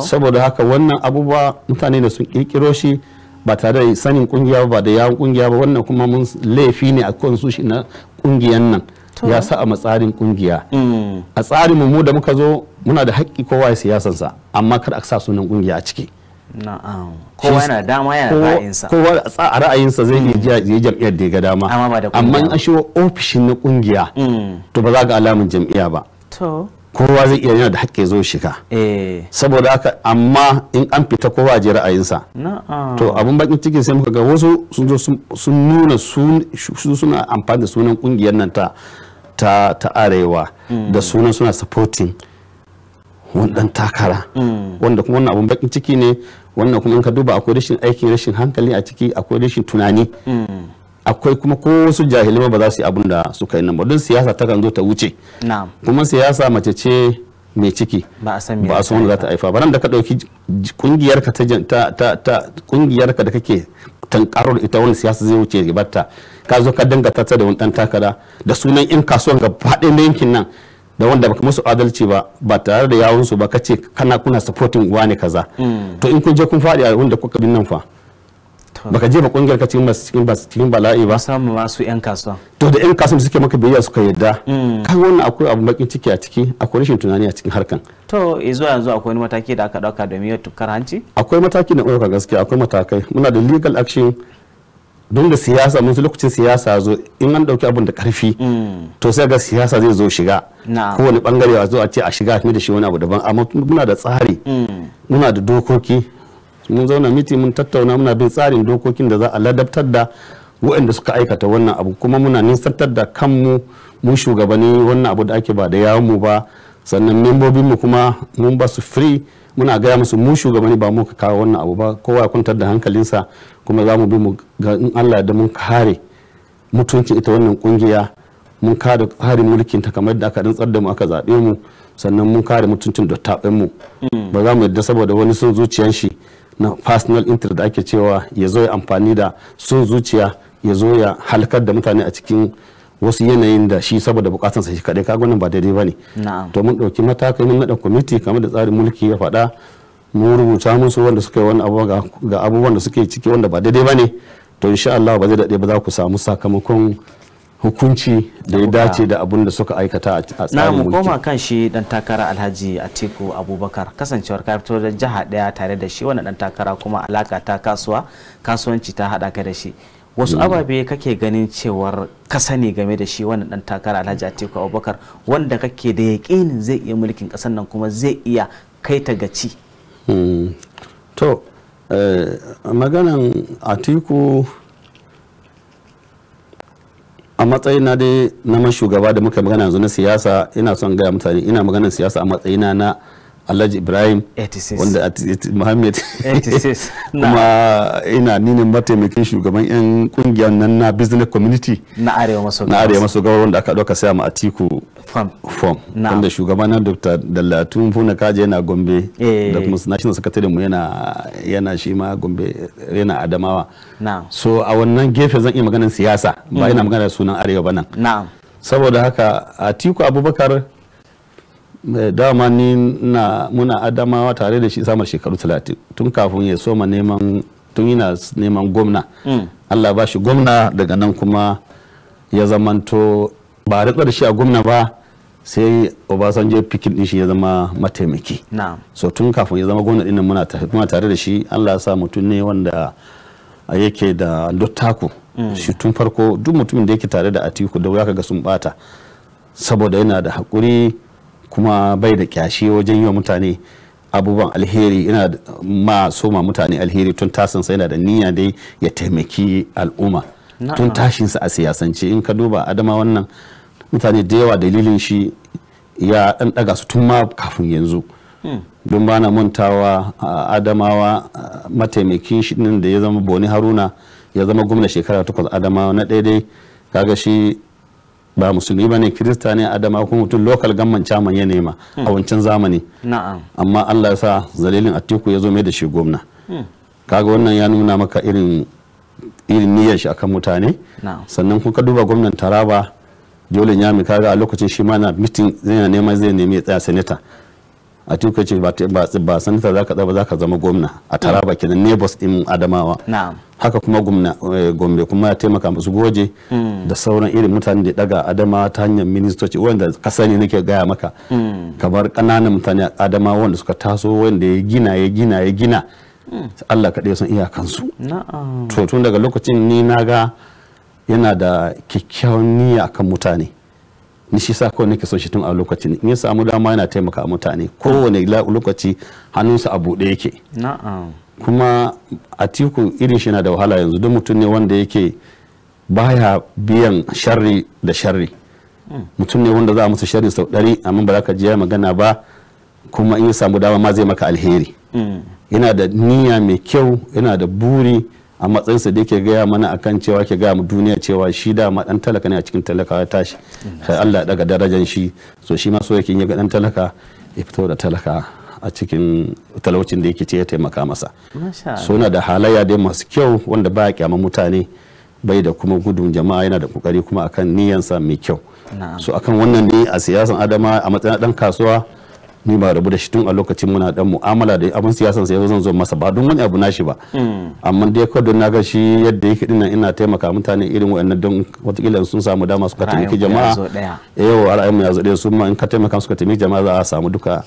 saboda haka wannan abubuwa mutane da sun kirkiro shi ba tare da sanin kungiya ba da yawon kungiya ba wannan kuma mun laifi ne a su shi na kungiyan nan ya sa a matsarin kungiya hmm. a tsarin mu da muka zo muna da haƙƙi kowa ya siyasansa amma kar a sa sunan kungiya a ciki na'am kowa yana dama yana ra'ayinsa kowa a ra'ayinsa zai iya je jam'iyyar da ya ga dama amma in an shigo ofishin na kungiya mm. to ba za ga alamun jam'iyya ba to kowa zai iya yana da haƙƙi zo shiga eh. saboda haka amma in an fita kowa je ra'ayinsa to abun bakin ciki sai muka ga wasu sun zo sun nuna suna amfani da sunan kungiyar nan ta ta arewa mm. da sunan suna supporting wani dan takara wanda kuma wannan abun bakin ciki ne wannan kuma in ka duba akwai rashin aikin rashin hankali a ciki akwai rashin tunani akwai kuma ko wasu jahilai ba za su yi abun da suka yi nan ba don siyasa kan zo ta wuce kuma siyasa mace ce mai ciki ba a san wanda za ta haifa ba nan da ka ɗauki ka ta ta ta ka da kake tankarar ita wani siyasa zai wuce gibarta ka zo ka dangata ta da wani dan takara da sunan yan kasuwan ga faɗin yankin nan da wanda baka musu adalci ba ba tare da yawun su ba kace kana kuna supporting wani kaza mm. to in kun je kun faɗi a wanda kuka bin nan fa baka je ba kungiyar ka cikin cikin cikin bala'i ba samu masu yan kasuwa to da yan kasuwa suke maka biyayya suka yadda mm. kai wannan akwai abu bakin ciki a ciki akwai rashin tunani a cikin harkan to zuwa yanzu akwai wani mataki da aka dauka domin yau tukar hanci akwai mataki na ɗauka gaskiya akwai matakai muna da legal action don da siyasa mun lokacin siyasa zo in an dauki abun da karfi to sai ga siyasa zai zo shiga wani bangare a zo a ce a shiga a da shi wani abu daban amma muna da tsari muna da dokoki mun zauna miti mun tattauna muna bin tsarin dokokin da za a ladabtar da waɗanda suka aikata wannan abu kuma muna nisantar da kanmu mu shugabanni wannan abu da ake ba da yawon mu ba sannan membobinmu kuma mun ba su free muna gaya musu mu shugabanni ba mu ka kawo wannan abu ba kowa ya kwantar da hankalinsa kuma za mu bi mu ga in Allah da mun kare mutuncin ita wannan kungiya mun kare tsarin mulkin ta kamar da aka rantsar da mu aka zaɓe mu sannan mun kare mutuncin da mu hmm. ba za mu yadda saboda wani sun zuciyan shi na personal interest da ake cewa ya zo ya amfani da sun zuciya ya zo ya halkar da mutane a cikin wasu yanayin da shi saboda bukatansa shi kaɗai ka gwanin ba daidai ba ne to mun ɗauki matakai mun naɗa kwamiti kamar da tsarin mulki ya faɗa mu rubuta musu wanda suka yi wani abu ga abubuwan da suke ciki wanda ba daidai ba ne to insha Allah ba zai daɗe ba za ku samu sakamakon hukunci da ya dace da abun da suka aikata a tsarin mulki. na mu koma kan shi dan takara alhaji atiku abubakar kasancewar ka da jiha daya tare da shi wannan dan takara kuma alaka ta kasuwa kasuwanci ta hada ka da shi wasu ababe kake ganin cewar ka sani game da shi wannan dan takara Alhaji Atiku Abubakar wanda kake da yaƙinin zai iya mulkin ƙasar nan kuma zai iya kai ta gaci hmm. to eh, maganan Atiku a matsayina dai na mashugaba da muka magana yanzu na siyasa ina son gaya mutane ina maganan siyasa a matsayina na alhaji ibrahim 86 wanda muhammad 86 [LAUGHS] kuma ina nini mataimakin shugaban yan kungiyar nan na business community na arewa maso na gawar wanda aka ɗauka saya ma atiku form wanda shugaban na dr dalatun funa kaji yana gombe eh. da kuma national secretary mu yana yana shi ma gombe yana adamawa so a wannan gefe zan iya maganar siyasa ba mm. ina magana sunan arewa ba nan saboda haka atiku abubakar Eh, dama ni na muna adamawa tare da shi samar shekaru talatin tun kafin ya soma neman tun yana neman gwamna mm. allah ba shi gwamna daga nan kuma ya zamanto ba a rikar shi a gwamna ba sai obasanjo pikin din shi ya zama mataimaki so tun kafin ya zama gwamna dinnan muna tare da shi allah sa mutum ne wanda yake da dottaku mm. shi tun farko duk mutumin da yake tare da atiku da wuya ka ga sun bata saboda yana da haƙuri kuma bai da kyashi wajen yi wa mutane abubuwan alheri ina ma soma mutane alheri tun tasin sai da niyya dai ya taimaki al'umma tun tashinsa a siyasance in ka duba adama wannan mutane da yawa dalilin shi ya dan daga su tun ma kafin yanzu hmm. don bana mantawa adamawa mataimakin shi nan da ya zama boni haruna ya zama gwamna shekara takwas adamawa na daidai kaga shi ba musulmi ba ne kirista ne adama kuma mutum lokal gamman caman ya nema a hmm. wancan zamani amma Allah ya sa zalilin atiku ya zo mai da shi gwamna hmm. kaga wannan ya nuna maka irin niyyar shi akan mutane sannan kuka duba gwamnan taraba jolin yami kaga a lokacin shi ma na mitin zai neman zai nemi ya tsaya senator a tuka ce ba sanata za ka zaba za ka zama gwamna a taraba kenan nebos din adamawa haka kuma eh, gombe kuma ya taimaka musu goje hmm. da sauran irin mutane da daga Adamawa ta hanyar ministoci wanda kasa ne nake gaya maka hmm. kamar kananan mutane Adamawa wanda suka taso wanda ya gina ya gina ya gina hmm. Allah kaɗai san iyakansu to tun daga lokacin ni na ga yana da kyakkyawan niyya kan mutane ni shi sa kawai nake so shi tun a lokaci in ya samu dama yana taimaka mutane kowane lokaci hannunsa a buɗe yake kuma a tiku irin shi na da wahala yanzu duk mutum ne wanda yake baya biyan sharri da sharri hmm. mutum ne wanda za a musu sharri sau ɗari amma ba za ka ji magana ba kuma in ya samu dama ma zai maka alheri hmm. yana da niyya mai kyau yana da buri a sa da yake gaya mana akan cewa ke gaya mu duniya cewa shi da ma dan talaka ne a cikin talaka ya tashi sai Allah ya daga darajar shi so shi ma so yake ya ga dan talaka ya fito da talaka a cikin talaucin da yake ce ya taimaka masa suna da halayya dai masu kyau wanda ya kyaman mutane bai da kuma gudun jama'a yana da kokari kuma akan niyansa mai kyau so akan wannan ne a siyasan adama a matsayin dan kasuwa ni ba rabu da shi tun a lokacin muna dan mu'amala da abin siyasan sai zan zo masa ba don wani abu na nashi ba hmm. amma dai ko don naga shi yadda yake dinnan ina taimaka mutane irin wayannan don watakila sun samu dama ka taimaki jama'a eh, yau ra'ayin ya zo ɗaya su ma in ka taimaka ka taimaki jama'a za a samu duka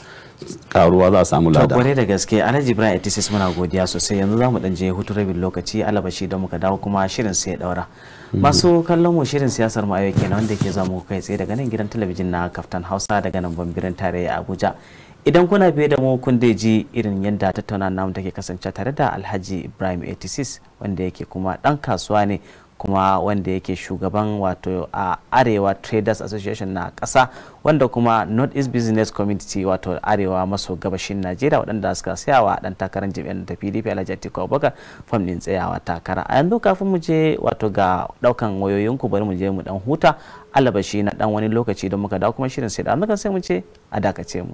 karuwa za a samu lada. Kwarai da gaske Alhaji Ibrahim Etisis muna godiya sosai yanzu zamu mu dan je hutu rabin lokaci alabashi don muka dawo kuma shirin sai ya daura. masu kallon mu shirin siyasar ma'ayo kenan wanda ke zamu kai tsaye daga nan gidan talabijin na kaftan hausa daga nan bambirin tarayya abuja idan kuna biye da mu kun da ji irin yadda tattauna namu take kasance tare da alhaji ibrahim 86 wanda yake kuma dan kasuwa ne kuma wanda yake shugaban wato a arewa traders association na ƙasa wanda kuma north east business community wato arewa maso gabashin najeriya waɗanda suka sayawa dan takarar jami'an da pdp alhaji atiku abubakar fam din tsayawa takara a yanzu kafin mu je wato ga ɗaukan wayoyinku bari mu je mu dan huta alabashi na dan wani lokaci don muka dawo kuma shirin sai da sai mu ce a dakace mu.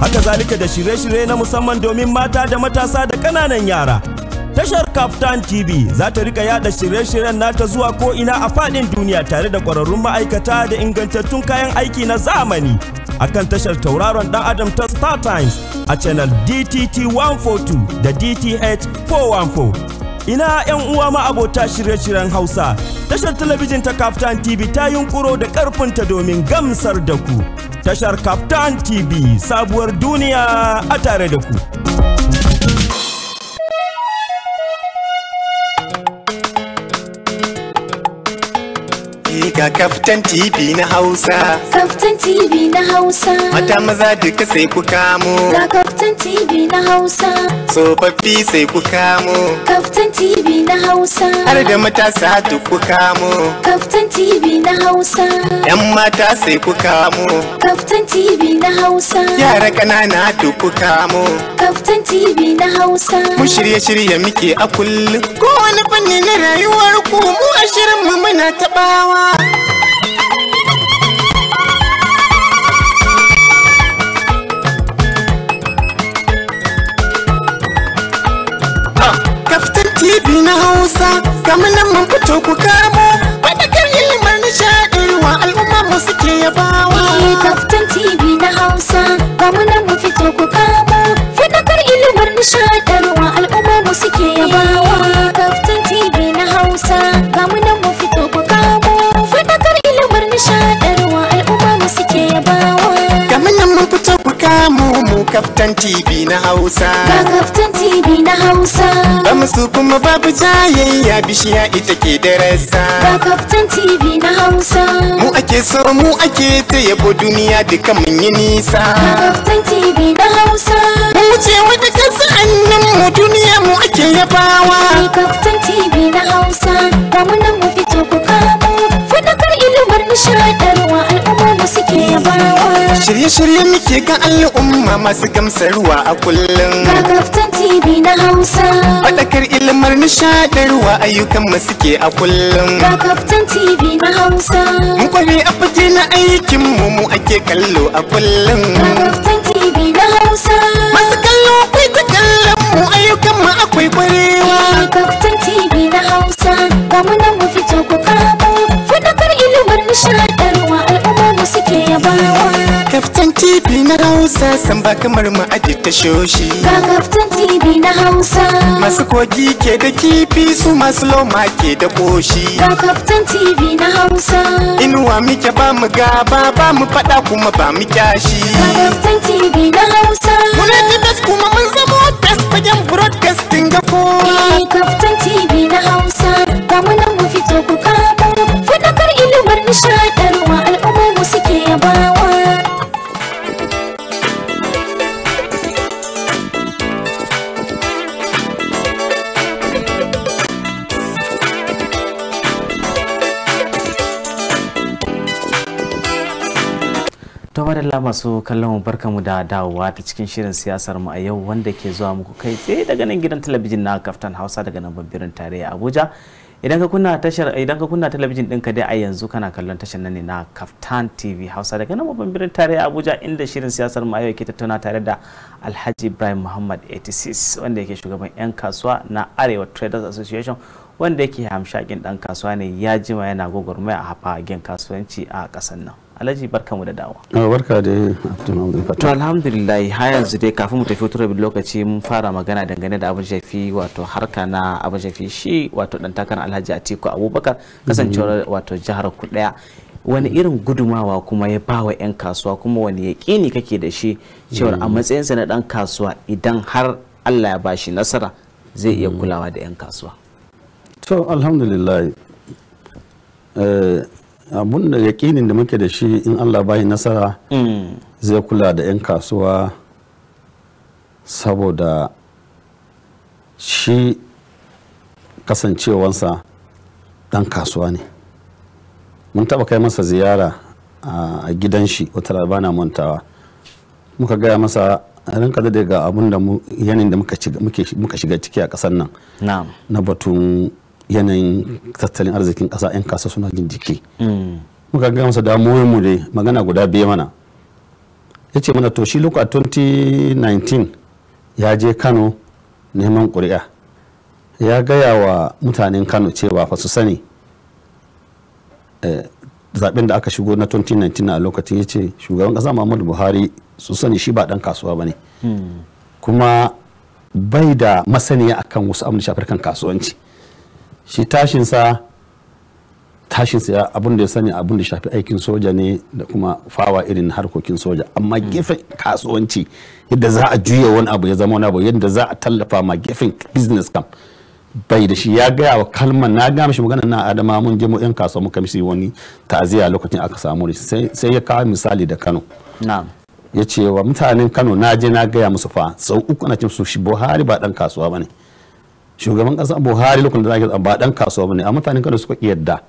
haka zalika da shirye-shirye na musamman domin mata da matasa da ƙananan yara. Tashar Kaftan TV za ta rika yada shirye-shiryen nata zuwa ko'ina a faɗin duniya tare da ƙwararrun ma'aikata da ingantattun kayan aiki na zamani. Akan tashar tauraron ɗan Adam ta Star Times a channel DTT 142 da DTH 414. ina 'yan uwa ma abota shirye-shiryen hausa tashar talabijin ta kaftan tv ta yunkuro da karfinta domin gamsar da ku tashar kaftan tv sabuwar duniya a tare da ku ga Kaftan TV na Hausa. Kaftan TV na Hausa. Mata maza duka sai ku kamo. Ga Kaftan TV na Hausa. Tsofaffi sai ku kamo. Kaftan TV na Hausa. Har da matasa duk ku kamo. Kaftan TV na Hausa. Yan mata sai ku kamo. Kaftan TV na Hausa. Yara ƙanana duk ku kamo. Kaftan TV na Hausa. Mu shirye-shirye muke a kullum. Kowane fanni na rayuwar ku mu a shirin mu muna taɓawa. TV na Hausa kamar nan mun fito ku kamo fadakar ilimin nishaɗi wa al'umma mu suke yabawa. Eh kaftan TV na Hausa kamar nan mun fito ku kamo. kaftan TV na Hausa. Ga kaftan TV na Hausa. Ba musu kuma babu jayayya bishiya ita ke darasa. Ga kaftan TV na Hausa. Mu ake so mu ake ta yabo duniya duka mun yi nisa. Ga kaftan TV na Hausa. Mu ce wata kasa annan mu duniya mu ake yabawa. Ga kaftan TV na Hausa. Ba mu nan mu fito ku Shirye-shirye muke ga al'umma masu gamsarwa a kullum. Kakaftan TV na Hausa. Faɗakar ilimar nishaɗarwa ayyukan mu suke a kullum. Kakaftan TV na Hausa. Mun kware a fage na aikin mu mu ake kallo a kullum. Kakaftan TV na Hausa. Masu kallo kai ta kallon mu ayyukan mu akwai kwarewa. Kakaftan TV na Hausa. Ga mu nan mu fito ku kaba. tv na hausa san ba kamar mu a ta shoshi ga kaftan tv na hausa masu kogi ke da kifi su masu loma ke da koshi ga kaftan tv na hausa inuwa muke ba mu gaba ba mu fada kuma ba mu kyashi ga kaftan tv na hausa mun ji das kuma mun zamo das fagen broadcasting ga kowa eh kaftan tv na hausa ga mu nan mu fito ku kaba fadakar ilimar nishadi masu kallon mu da dawowa ta cikin shirin siyasar mu a yau wanda ke zuwa muku kai tsaye daga nan gidan talabijin na kaftan hausa daga nan babbirin tarayya abuja idan ka kunna tashar idan ka kunna talabijin ɗinka dai a yanzu kana kallon tashar nan ne na kaftan tv hausa daga nan babban tarayya abuja inda shirin siyasar mu a yau ke tattauna tare da alhaji ibrahim muhammad 86 wanda yake shugaban 'yan kasuwa na arewa traders association wanda yake hamshakin dan kasuwa ne ya jima yana gwagwarmaya a hafagen kasuwanci a ƙasar nan alhaji ah, barka mu da dawa barka da to alhamdulillah har yanzu dai kafin mu tafi wata rabin lokaci mun fara magana dangane da abin shafi wato harka na abin shafi shi wato dan takarar alhaji atiku abubakar kasancewar mm-hmm. wato jihar ku wani irin gudumawa kuma ya ba wa 'yan kasuwa kuma wani ya kini kake da shi cewar a mm-hmm. matsayinsa na dan kasuwa idan har allah ya bashi nasara zai iya mm-hmm. kulawa da 'yan kasuwa to alhamdulillah eh, abun da yaƙinin da muke da shi in allah bayi nasara zai kula da 'yan kasuwa saboda shi kasancewansa ɗan kasuwa ne mun taɓa kai masa ziyara a gidan shi wata bana mantawa muka gaya masa rinka da daga abun da yanin da muka shiga ciki a ƙasar nan na batun yanayin tattalin arzikin ƙasa 'yan kasa suna jin jiki mm. muka ga masa damuwar mu magana guda biyu mana ya ce mana to shi 2019 ya je kano neman ƙuri'a ya gaya wa mutanen kano cewa fa su sani eh, zaɓen da aka shigo na 2019 a lokacin ya ce shugaban ƙasa muhammadu buhari su sani shi ba ɗan kasuwa ba ne mm. kuma bai da masaniya akan wasu abin da kan kasuwanci shi tashinsa tashinsa abin da ya sani abin da shafi aikin soja ne da kuma fawa irin harkokin soja amma hmm. gefen kasuwanci yadda za a juya wani abu ya zama wani abu yadda za a tallafa ma gefen business kam bai da shi ya gaya wa kalmar na gama shi magana na adama mun je mu yan kasuwa muka mishi wani ta'aziyya lokacin aka samu ne sai ya kawo misali da Kano ya ce wa mutanen Kano na je na gaya musu fa sau uku na cin su shi Buhari ba dan kasuwa bane ne shugaban kasa buhari lokacin da zaki ba dan kasuwa bane a mutanen kano suka yadda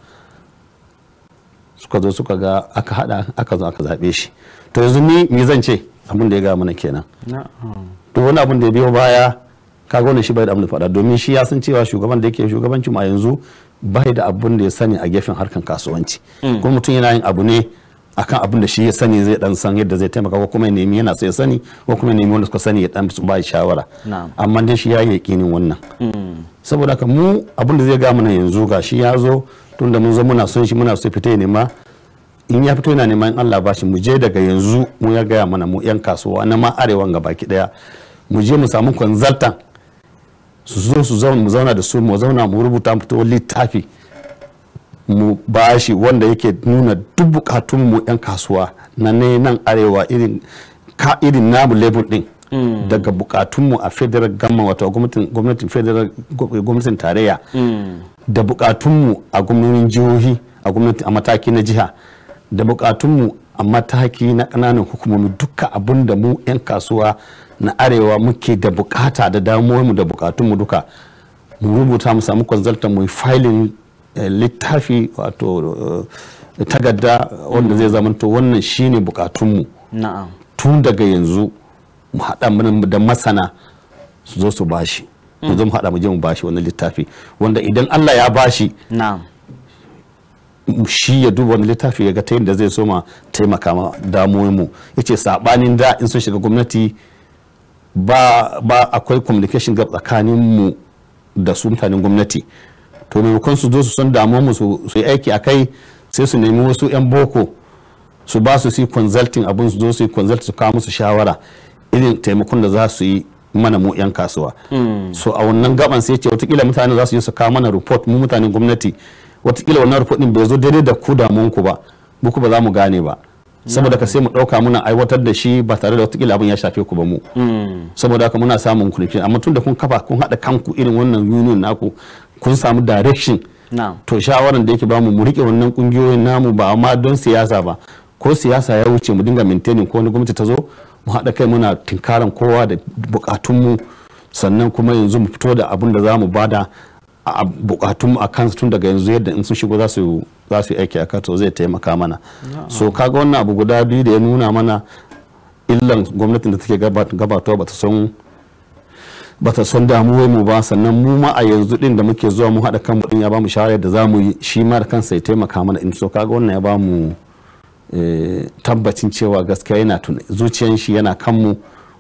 suka zo suka ga aka hada aka zo aka zabe shi to yanzu ni me zan ce abin da ya ga mana kenan to wani abin da ya biyo baya kaga wannan shi bai da abin fada faɗa domin shi ya san cewa shugaban da yake shugabancin a yanzu bai da abin da ya sani a gefen harkan kasuwanci mm. kuma mutum yana yin abu ne akan abin da shi ya sani zai dan san yadda zai taimaka ko kuma ya nemi yana sai sani ko kuma ya nemi wanda suka sani ya dan su ba shawara amma dai shi ya yi yakinin wannan hmm. saboda haka mu abin da zai ga mana yanzu ga shi ya zo tun da mun zo muna son shi muna so fita ya nema in ya fito yana neman Allah bashi mu je daga yanzu mu ya gaya mana mu yan kasuwa na ma arewan gaba ki daya mu je mu samu konzaltan su zo su zauna mu zauna da su mu zauna mu rubuta mu fito littafi mu bashi wanda yake nuna duk bukatun mu yan kasuwa na ne nan arewa irin ka irin namu lebur din mm. daga daga bukatunmu a federal gamma wato gwamnatin federal gwamnatin tarayya mm. da da bukatunmu a gwamnatin jihohi a gwamnati a mataki na jiha da bukatunmu a mataki na kananan hukumomi duka abin da mu 'yan kasuwa na arewa muke da bukata da mu da bukatunmu duka mu rubuta mu samu consultant mu filing Eh, littafi wato eh, tagadda wanda zai zamanto wannan shine bukatunmu tun daga yanzu mu haɗa da masana su zo su bashi mu zo mu haɗa mu je mu bashi wannan littafi wanda idan Allah ya bashi shi ya duba wani littafi ya ga ta yadda zai soma taimaka ma damuwar mu yace sabanin da in sun shiga gwamnati ba akwai communication gab tsakanin mu da su mutanen gwamnati to maimakon su zo su san damuwar mu su yi aiki a kai sai su nemi wasu 'yan boko su ba su yi consulting abin su zo su yi consulting su kawo musu shawara irin taimakon da za su yi mana mu 'yan kasuwa hmm. so a wannan gaban sai ce watakila mutane za su yi su kawo mana report mu mutanen gwamnati watakila wannan report din bai zo daidai da ku damuwan ku ba muku ba za mu gane ba saboda ka sai mu ɗauka muna aiwatar da shi ba tare da watakila abin ya shafe ku ba mu hmm. saboda haka muna samun connection amma tun da kun kafa kun haɗa kanku irin wannan union naku kun samu direction to shawaran da yake ba mu riƙe wannan kungiyoyin namu ba amma don siyasa ba ko siyasa ya wuce mu dinga maintaining ko wani gwamnati ta zo mu haɗa kai muna tinkaran kowa da buƙatunmu. sannan kuma yanzu mu fito da abin da za mu bada a bukatunmu a kansu tun daga yanzu yadda in sun shigo za su yi aiki a to zai taimaka mana so kaga wannan abu guda biyu da ya nuna mana illan gwamnatin da take gabatowa ba ta san bata son damuwar mu ba sannan mu ma a yanzu din da muke zuwa mu haɗa kanmu din ya bamu shawarar da zamu yi shi ma da kansa ya taimaka mana in so kaga wannan ya bamu eh, tabbacin cewa gaskiya yana zuciyan shi yana kanmu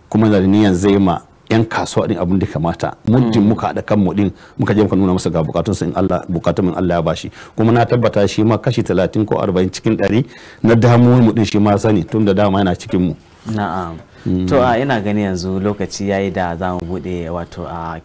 kuma da niyan zai ma yan kasuwa din abin da kamata muddin mm. muka haɗa kanmu din muka je muka nuna masa ga bukatun in Allah bukatun min Allah ya bashi kuma na tabbata shi ma kashi 30 ko 40 cikin 100 na damuwar mu din shi ma sani tunda dama yana cikin mu na'am to a ina gani yanzu lokaci ya yi da za mu bude wato a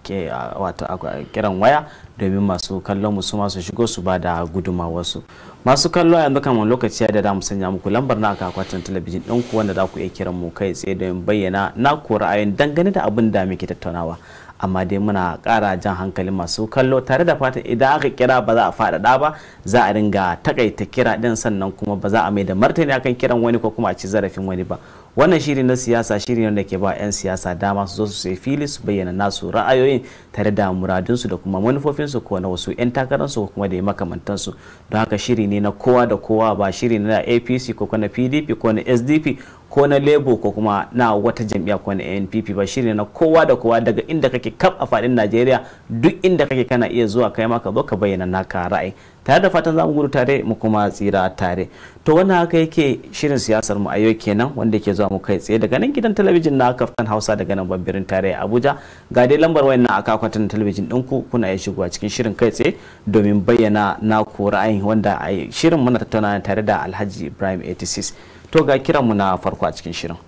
kiran waya domin masu kallon musu su masu shigo su ba da guduma wasu. masu kallo yanzu kamar lokaci da da mu sanya muku lambar na aka akwatin talabijin ɗin ku wanda za ku iya kiran mu kai tsaye domin bayyana na ku ra'ayin dangane da abin da muke tattaunawa amma dai muna kara jan hankalin masu kallo tare da fatan idan aka kira ba za a faɗaɗa ba za a ringa takaita kira ɗin sannan kuma ba za a mai da martani akan kiran wani ko kuma a ci zarafin wani ba wannan shiri na siyasa shiri da ke ba 'yan siyasa dama su zo su sai fili su bayyana nasu ra'ayoyin tare da muradunsu da kuma manufofinsu ko na wasu 'yan takararsu ko kuma da ya makamantansu don haka shiri ne na kowa da kowa ba shiri na apc ko na pdp ko na sdp ko na labour ko kuma na wata jam'iyya ko na npp ba ne na kowa da kowa daga inda kake kaf a fadin najeriya duk inda kake kana iya zuwa kai maka zo ka bayyana naka ra'ayi tare da fatan zamu gudu tare mu kuma tsira tare to wannan haka yake shirin siyasar mu a yau kenan wanda yake zuwa mu kai tsaye daga nan gidan talabijin na kaftan hausa daga nan babbirin tare abuja ga dai lambar wayan na akakwatin talabijin ɗinku kuna iya shigowa cikin shirin kai tsaye domin bayyana naku ra'ayin wanda a shirin muna tattauna tare da alhaji ibrahim 86 to ga kiranmu na farko a cikin shirin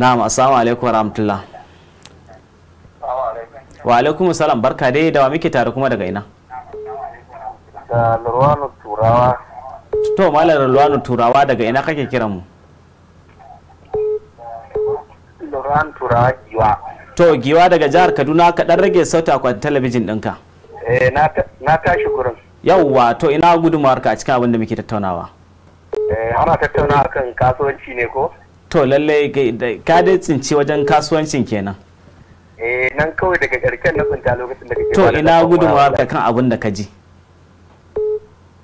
na'am assalamu alaikum wa rahmatullah wa alaikum salam barka dai da wa muke tare kuma daga ina da lurwanu turawa to malam lurwanu turawa daga ina kake kiranmu lurwanu turawa giwa to giwa daga jihar kaduna ka dan rage sauti akwatin talabijin ɗinka eh na tashi gurin yawwa to ina gudunmawarka a cikin abin da muke tattaunawa Eh, ana tattauna kan kasuwanci ne ko to lallai ka dai tsinci wajen kasuwancin kenan eh nan kawai daga ƙarshen na tsinta lokacin da kake to ina gudunmawa ka kan abin da ka ji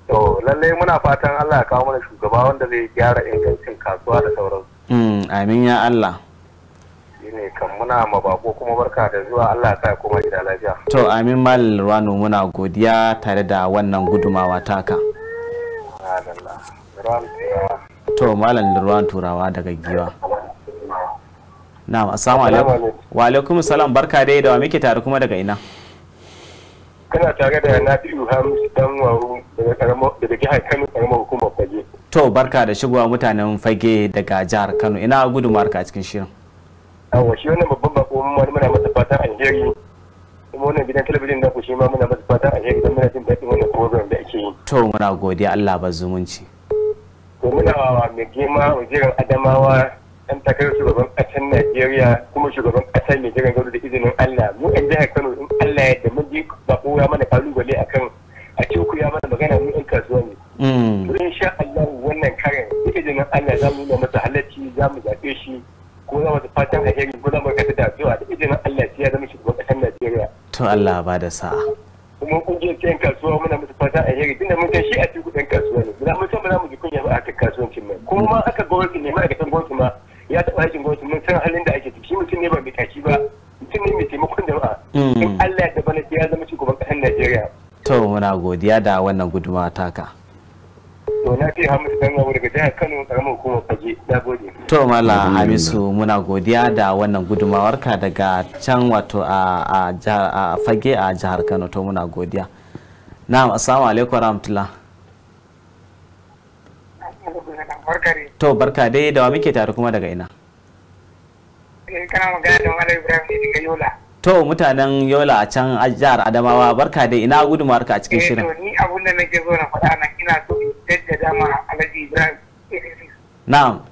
to lallai muna fatan Allah ya kawo mana shugaba wanda zai gyara ingancin kasuwa da sauransu hmm, amin ya Allah shine kan muna mabako kuma barka da zuwa Allah ya sa kuma gida lafiya to amin mallan rano muna godiya tare da wannan gudumawa taka Allah to malam lirwan turawa daga giwa na'am assalamu alaikum wa alaikum salam barka dai da wa muke tare kuma daga ina kana tare da nafi'u hamisu dan waru daga jihar kano karamar hukumar fage to barka da shigowa mutanen fage daga jihar kano ina gudu marka cikin shirin yawa shi wannan babban bako wani muna masa a jeri kuma wannan gidan talabijin da ku shi ma muna masa a jeri don muna jin daɗin wannan program da ake yi to muna godiya allah ba zumunci ko muna mai a jiran adamawa ɗan takarar shugaban ƙasar Najeriya kuma shugaban ƙasar mai jiran gado da izinin Allah mu ɗan jihar Kano in Allah ya da mun ji bako ya mana kalubale kan a ciku ya mana magana mu ɗan kasuwa ne. Wurin mm. sha allahu wannan karin da izinin Allah za mu yi masa halarci za mu zaɓe shi ko za mu fatan alheri ko za mu kasa da da izinin Allah sai ya zama shugaban ƙasar Najeriya. tun Allah ba da sa'a. kuma kungiyar ta kasuwa muna musu fata a yari tunda mun kai shi a cikin dan kasuwa ne muna mun san ba mu ji kunya ba a kan kasuwancin mai kuma ma aka gwamnati ne ma'aikatan gwamnati ma ya taɓa aikin gwamnati mun san halin da ake ciki mutum ne ba mai tashi ba mutum ne mai taimakon jama'a mm. in Allah ya tabbata ya zama shugaban ƙasar Najeriya. To muna godiya da wannan gudunmawa taka. to na fi na gode mala hamisu muna godiya da wannan gudumawarka daga can wato a fage a jihar kano to muna godiya na'am assalamu alaikum warahmatullah to barka dai da wa muke tare kuma daga ina eh, to mutanen yola a can jihar adamawa barka dai ina gudumawarka a cikin eh, shirin to ni abun da nake zo na faɗa nan ina so jaddada ma alhaji ibrahim na'am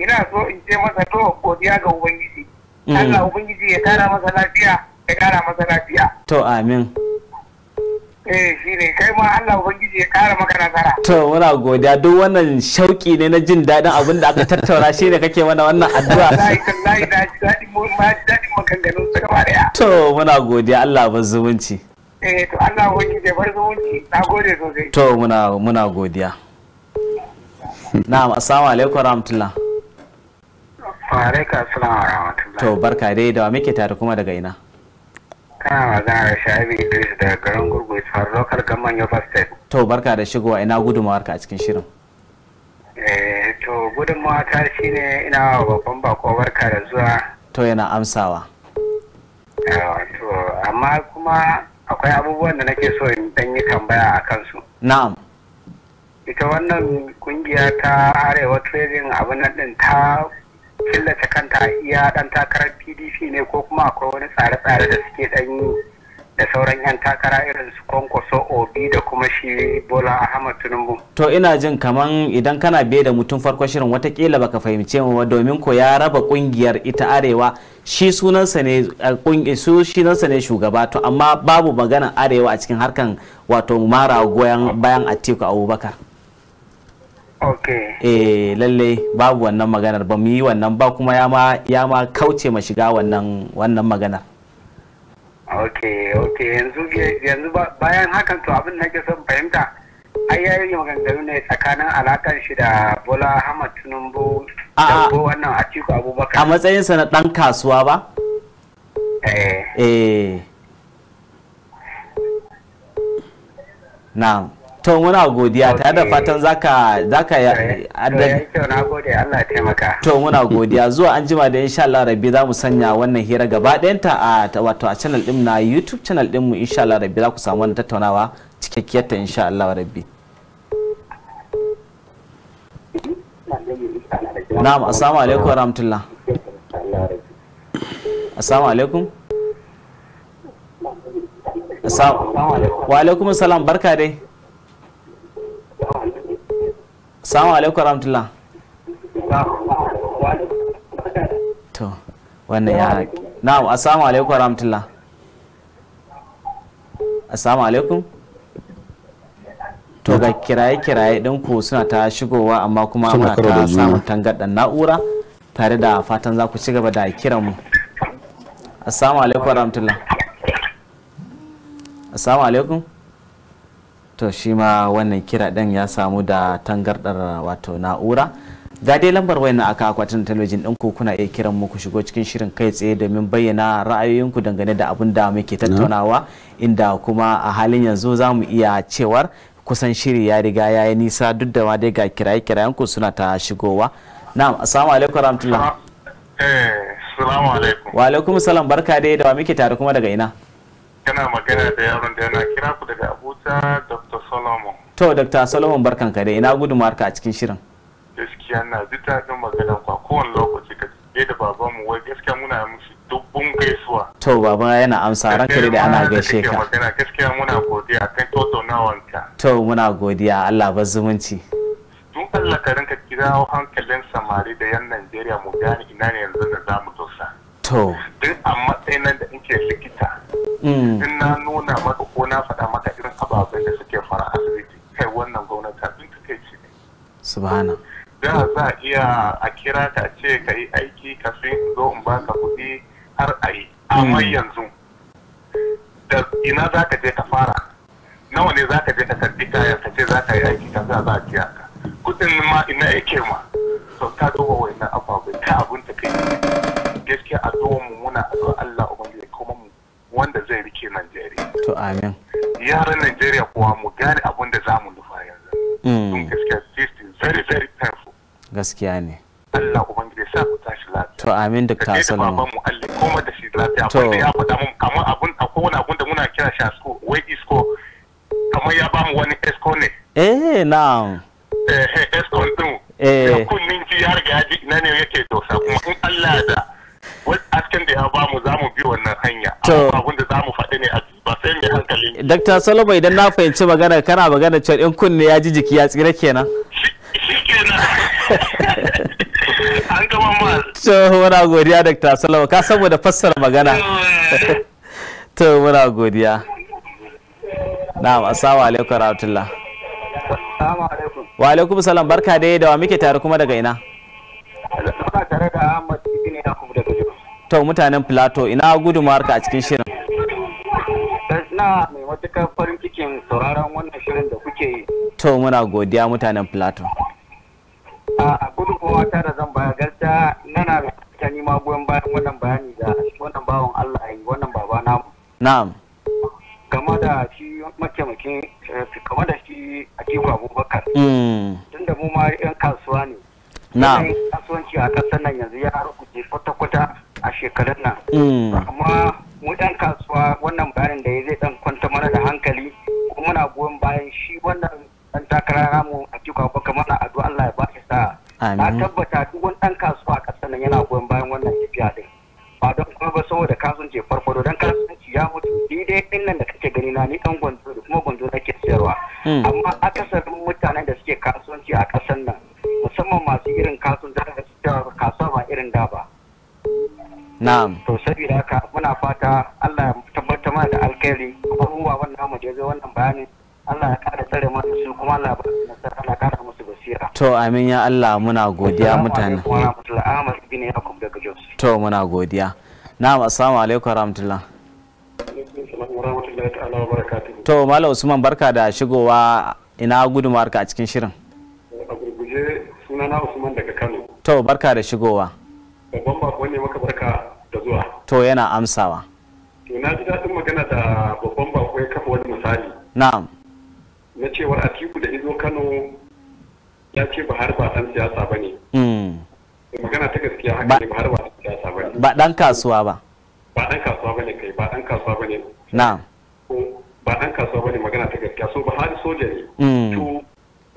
ina so in ce masa to godiya ga ubangiji mm-hmm. Allah ubangiji ya kara masa lafiya ya kara masa lafiya to amin eh shi ne kai ma Allah ubangiji ya kara maka nasara to muna godiya duk wannan shauki ne na jin daɗin abin da aka tattauna shi ne kake mana wannan addu'a wallahi wallahi da daɗin maganganun su gaba daya to muna godiya Allah ba zumunci eh to Allah wani da bar zumunci na gode sosai to muna muna godiya [LAUGHS] na'am assalamu alaikum rahmatullah alaikum assalamu warahmatullah to barka dai da muke tare kuma daga ina kana magana da Shabi Idris daga garin Gurgu Isfar local government Yoba State to barka da shigowa ina gudunmawar ka a cikin shirin eh to gudunmawa ta shine ina babban bako barka da zuwa to yana amsawa to amma kuma akwai abubuwan da nake so in dan yi tambaya a kansu na'am ita wannan kungiya ta arewa trading abin nan din ta killace kanta iya ɗan takarar pdp ne ko kuma akwai wani tsare-tsare da suke dan yi da sauran 'yan takara irin su kwankwaso obi da kuma shi bola ahmad tinubu to ina jin kaman idan kana biye da mutum farko shirin watakila baka fahimce mu domin ko ya raba kungiyar ita arewa shi sunansa ne su sunansa ne shugaba to amma babu maganan arewa a cikin harkan wato mara goyon bayan atiku abubakar Okay. Eh lalle babu wannan maganar ba mu yi wannan ba kuma ya ma kauce ma shiga wannan maganar. ok ok yanzu yanzu bayan hakan to abin na ke son fahimta ai ya yi maganganu ne tsakanin alakan shi da bola ahmad tinubu da wannan atiku abubakar a matsayinsa na dan kasuwa ba eh eh na'am to muna godiya tare da fatan zaka zaka ya to muna godiya zuwa an jima da insha Allah rabbi za mu sanya wannan hira gaba ɗayanta a wato a channel din na YouTube channel din mu insha Allah rabbi za ku samu wannan tattaunawa cikakkiyar ta insha Allah rabbi Na'am assalamu alaikum wa rahmatullah Assalamu alaikum Assalamu alaikum Wa alaikum assalam barka dai Assalamu alaikum warahmatullah. To, wannan ya Na'am, assalamu alaikum warahmatullah. Assalamu alaikum. To ga kiraye-kiraye don ku suna ta shigowa amma kuma muna ta samun tangarɗar na'ura tare da fatan za ku ci gaba da kiran mu. Assalamu alaikum warahmatullah. Assalamu alaikum. to shi ma wannan kira ɗin ya samu da tangarɗar wato na'ura ga dai lambar wayan aka akwatin talabijin ɗin ku kuna iya kiran mu ku shigo cikin shirin kai tsaye domin bayyana ra'ayoyinku dangane da abin da muke tattaunawa inda kuma a halin yanzu za mu iya cewar kusan shiri ya riga ya yi nisa duk da ma dai ga kiraye kirayenku suna ta shigowa na'am assalamu alaikum rahmatullah eh, wa alaikum salam barka dai da wa muke tare kuma daga ina Kana magana da yaron da yana kira ku daga Abuja Dr. Solomon. To Dr. Solomon barkan ka dai ina gudunmawar ka a cikin shirin. Gaskiya na ji daɗin maganar ku a kowane lokaci ka je da babanmu wai gaskiya muna musu dubbun gaisuwa. To baba yana amsa ranka da ana gaishe ka. Magana gaskiya muna godiya kan ka To muna godiya Allah ba zumunci. Tun Allah ka rinka kirawo hankalin samari da yan Najeriya mu gane ina ne yanzu da za mu to din a matsayin nan da nke likita in mm. na nuna maka ko na faɗa maka irin ababen da suke fara asibiti kai wannan gwamnati din ta kai ce subhana da za a iya a kira ka ce ka yi aiki ka fi zo in baka kuɗi har a yi amma mm. yanzu da ina za ka je ka fara nawa ne za ka je ka karbi kayan ka ce za ka yi aiki ka za a biya ka kuɗin ma ina yake ma to ka duba wa'annan ababen ka abin ta kai gaskiya addu'ar mu muna addu'a Allah ubangiji kuma mu wanda zai rike Najeriya to amin yaran Najeriya kuwa mu gane abin da zamu nufa yanzu mm. gaskiya this very very painful gaskiya ne Allah to amin duk ta kira shi wai isko kunnin ji ya riga ya ina ne yake dosa kuma in Allah da asken da ya bamu za mu bi wannan hanya abin da za mu faɗi ne a ba sai mai hankali Dr. Salomo idan na fahimci magana kana magana cewa in kunne ya ji jiki ya tsira kenan shi kenan [LAUGHS] an gama ma to muna godiya Dr. Salomo ka saboda fassara magana to muna godiya na'am assalamu alaikum rahmatullah alaikum wa alaikum salam barka dai da wa muke tare kuma daga ina muna tare da Ahmad Ibn to mutanen plato ina gudunmawar ka a cikin shirin eh, na mai matukar farin cikin sauraron wannan shirin da kuke yi to muna godiya mutanen plato a gudunmawa ta da zan baya garta nana ta nima goyon bayan wannan bayani da wannan bawan Allah yi wannan baba namu na'am game da shi mataimakin kama eh, da shi a Atiku Abubakar mm. Tun da mu ma yan kasuwa ne na'am kasuwanci a kasar nan yanzu ya rukuce kwata-kwata a shekarun nan mm. amma mu ɗan kasuwa wannan bayanin da ya zai ɗan kwanta mana da hankali kuma muna goyon bayan shi wannan ɗan takara ramu a cikin abubakar mana Allah ya ba shi sa. na tabbata duk wani ɗan kasuwa a ƙasar nan yana goyon bayan wannan tafiya ɗin ba don kuma ba saboda kasuwanci farfado don kasuwanci ya mutu ni dai ɗin nan da kake gani na ni ɗan gwanzo da kuma gwanzo ke sayarwa mm. amma akasarin mutanen da suke kasuwanci a ƙasar nan musamman masu irin kasuwanci da kasuwa ba irin da ba na'am to saboda haka muna fata Allah ya tabbata mana da alkhairi abubuwa wannan mu je wannan bayani Allah ya kara tsare mana su kuma Allah ba nasara Allah kara musu basira to amin ya Allah muna godiya mutane to muna godiya na'am assalamu alaikum warahmatullahi To Malam Usman barka da shigowa ina gudumar ka a cikin shirin. A gurguje sunana Usman daga Kano. To barka da shigowa. Babban bako ne maka barka da zuwa to yana amsawa to na ji daɗin magana da babban bako ya kafa wani misali na'am na cewar atiku da izo kano ya ce ba har ba ɗan siyasa ba ne hmm. magana ta gaskiya haka ne ba har ba ɗan siyasa ba ne ba ɗan kasuwa ba ba ɗan kasuwa ba ne kai ba ɗan kasuwa ba ne na'am ba ɗan kasuwa ba ne magana ta gaskiya so ba har soja ne hmm. to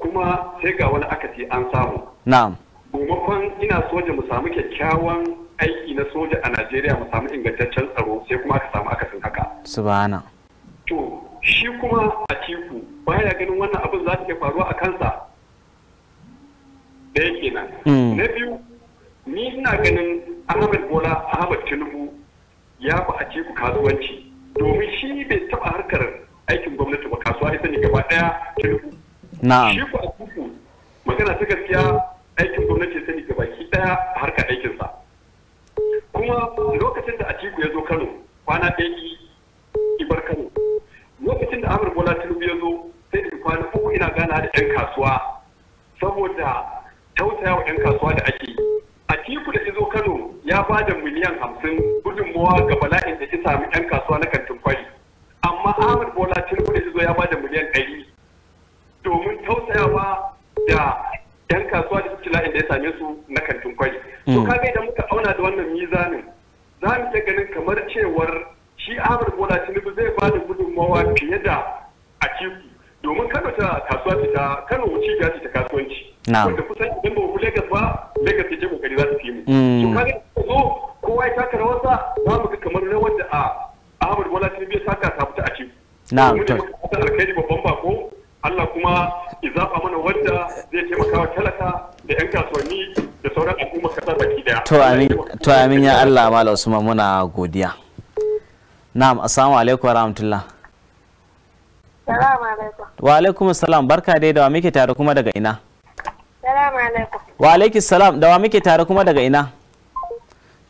kuma sai ga wani akasi an samu na'am maimakon ina soja mu samu kyakkyawan aiki na soja a najeriya mu samu ingantaccen tsaro sai kuma aka samu akasin haka subhana to shi kuma a tiku baya ganin wannan abin za ta iya faruwa a kansa yake nan hmm. na biyu ni ina ganin ahmed bola ahmed tinubu ya fi a tiku kasuwanci domin shi bai taɓa harkar aikin gwamnati ba kasuwa ita ne gaba ɗaya tinubu shi ku a tiku magana ta gaskiya aikin gwamnati sani ga baki daya a harkar aikinsa kuma lokacin da atiku ya zo kano kwana ɗaya ibar kano lokacin da amur bola tinubu ya zo sai da kwana uku ina gana da yan kasuwa saboda tausaya wa yan kasuwa da ake atiku da izo kano ya ba da miliyan hamsin gudunmawa ga bala'in da sami yan kasuwa na kantin kwari amma amur bola tinubu da ya ya ba da miliyan ɗari domin tausayawa da dan kasuwa da la'in da ya same su na kantin kwai. to hmm. kaga idan muka auna da wannan mizanin za mu ta ganin kamar cewar shi Ahmad Bola Tinubu zai ba da gudunmawa fiye da a ciki domin Kano ta kasuwa ce ta Kano wuce ga ta kasuwanci wanda kusan idan ba mu Lagos ba Lagos ce kokari za su fi mu hmm. to kaga zo kowa ya taka sa za mu ga kamar rawar da a ah, Ahmad Bola Tinubu ya saka ta fita a ciki na'am to alkhairi babban bako Allah kuma ya izafa mana wanda zai taimaka wa talaka da 'yan kasuwanni da sauran al'umma kasar baki daya. To amin ya Allah Malam Usman muna godiya. Na'am assalamu alaikum wa rahmatullah. Wa alaikum salam barka dai da wa muke tare kuma daga ina? Salamu alaikum. Wa alaikum salam da wa muke tare kuma daga ina?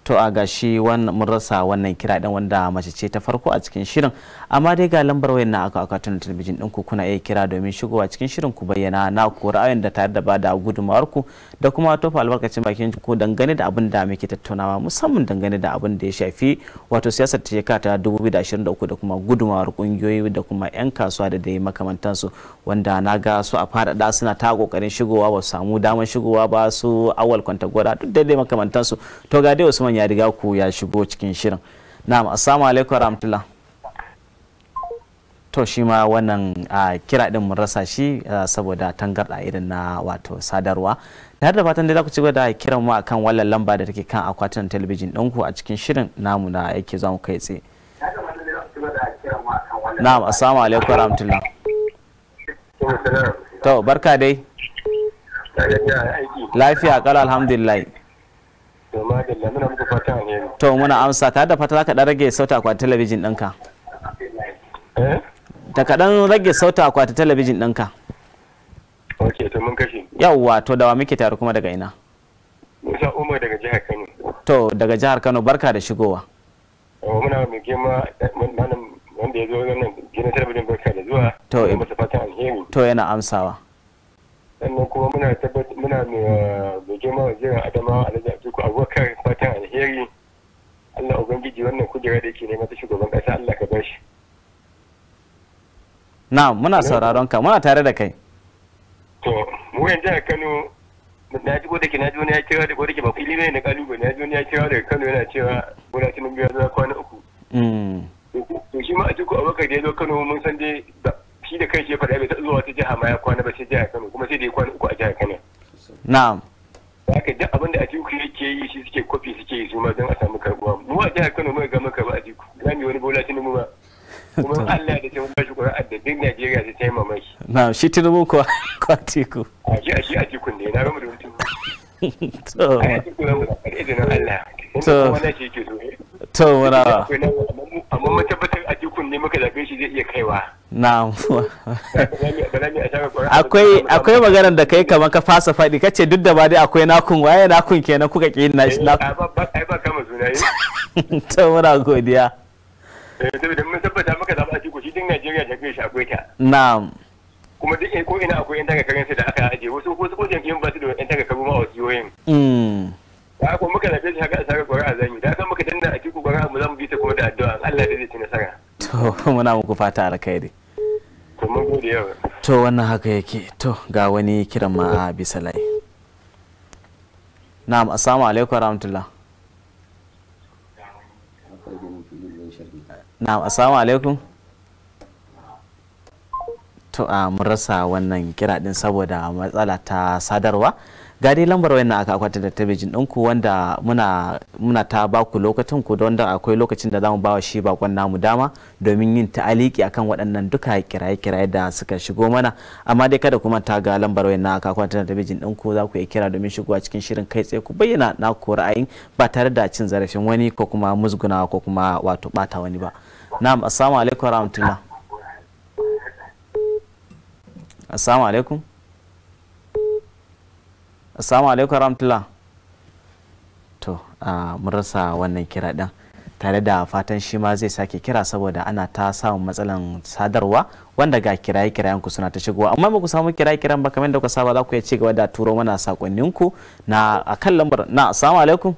to a gashi mun rasa wannan kira ɗin wanda mace ce ta farko a cikin shirin amma dai ga lambar wayar na aka akwatin talabijin din ku kuna iya kira domin shigowa cikin shirin ku bayyana na ku ra'ayin da tare da ba da gudunmawar ku da kuma tofa albarkacin bakin ku dangane da abin da muke tattaunawa musamman dangane da abin da ya shafi wato siyasar ta shekara ta 2023 da kuma gudunmawar kungiyoyi da kuma yan kasuwa da dai makamantansu wanda na ga su a faɗaɗa suna ta kokarin shigowa ba su samu damar shigowa ba su awal kwanta gwada duk da dai makamantansu to ga dai Usman ya riga ku ya shigo cikin shirin na assalamu alaikum warahmatullah to shi ma wannan kira din mun rasa shi saboda tangarda irin na wato sadarwa tare da fatan da za ku ci da kiran mu akan wannan lamba da take kan akwatin talabijin ɗinku a cikin shirin namu na yake za mu kai tsaye na'am assalamu alaikum rahmatullah to barka dai lafiya kala alhamdulillah to muna to muna amsa ta da fata ka dan rage sauta akwatin talabijin ɗinka eh? Da ta kaɗan rage sauta akwatin talabijin ɗinka ok to mun kashe yawwa to dawa muke tare kuma daga ina musa umar daga jihar kano to daga jihar kano barka da shigowa muna mai gima wanda ya zo wannan gina talabijin barka da zuwa to yana amsawa sannan kuma muna tabbat muna eh, mai girma wazirin adamawa alhaji abdulku abubakar fatan alheri allah ubangiji wannan kujera da yake nema ta shugaban kasa allah ka bashi na muna sauraron ka muna tare da kai to mu yanzu a kano na ji ko da na ji wani ya kira da ko da ba ku ilimin na kalubale na ji wani ya kira daga kano yana cewa gona tinubu ya zuwa kwana uku mm. to shi ma a jiko abubakar da ya zo kano mun san dai shi da kai shi ya faɗa bai taɓa zuwa ta jiha ma ya kwana ba sai jiha Kano kuma sai da ya kwana uku a jiha Kano na'am haka duk abin da Atiku yake yi shi suke kofi suke yi su ma don a samu karbuwa mu a jiha Kano mun ga muka ba Atiku yi wani bola tinubu ba [LAUGHS] kuma Allah ya da tun bashi Qur'an da duk Najeriya sai tayi mamaki na'am shi tinubu ko [LAUGHS] ko Atiku a shi a shi Atiku ne na ga mu da mutum [LAUGHS] to a yi Atiku ne Allah to wannan shi yake so eh. to amma mun a jikun ne muka shi zai iya kaiwa na akwai akwai maganar da kai kamar ka fasa faɗi kace duk da ba dai akwai nakun waye nakun kenan kuka ƙi na shi nakun eh, ai ba kama suna yi [LAUGHS] to muna godiya eh, saboda mun tabbata muka a shi din Najeriya akwai ta kuma duk ko ina akwai yan daga da aka wasu ko su ko ba su da yan daga ma wasu yoyin da ko muka zaɓe shi haka asarar zan zami da muka danna a kiku ƙwari'a mu za mu bi ta kuma da addu'a Allah da zai ci nasara. to [LAUGHS] muna muku fata alkhairi. to mun gode yawa. to wannan haka yake to ga wani kiran ma a bisa lai na'am assalamu alaikum rahmatullah na'am assalamu alaikum. to a mun rasa wannan kira din saboda matsala ta sadarwa. gadi dai lambar wayan aka akwatin da tabejin ɗinku wanda muna muna ta ba ku lokacin ku wanda akwai lokacin da zamu bawa shi bakon namu dama domin yin ta'aliki akan waɗannan duka kiraye-kiraye da suka shigo mana amma dai kada kuma ta ga lambar wayan aka akwatin da tabejin ɗinku za ku iya kira domin shigowa cikin shirin kai tsaye ku bayyana na ku ra'ayin ba tare da cin zarafin wani ko kuma musgunawa ko kuma wato bata wani ba na'am assalamu alaikum rahmatullah. assalamu alaikum assalamu alaikum rahmatullah to mun rasa wannan kira ɗin tare da fatan shi ma zai sake kira saboda ana ta samun matsalan sadarwa wanda ga kiraye kirayen ku suna ta shigowa amma ba ku samu kiraye kiran ba kamar da ku saba za ku iya ci gaba da turo mana sakonninku na akan lambar na assalamu alaikum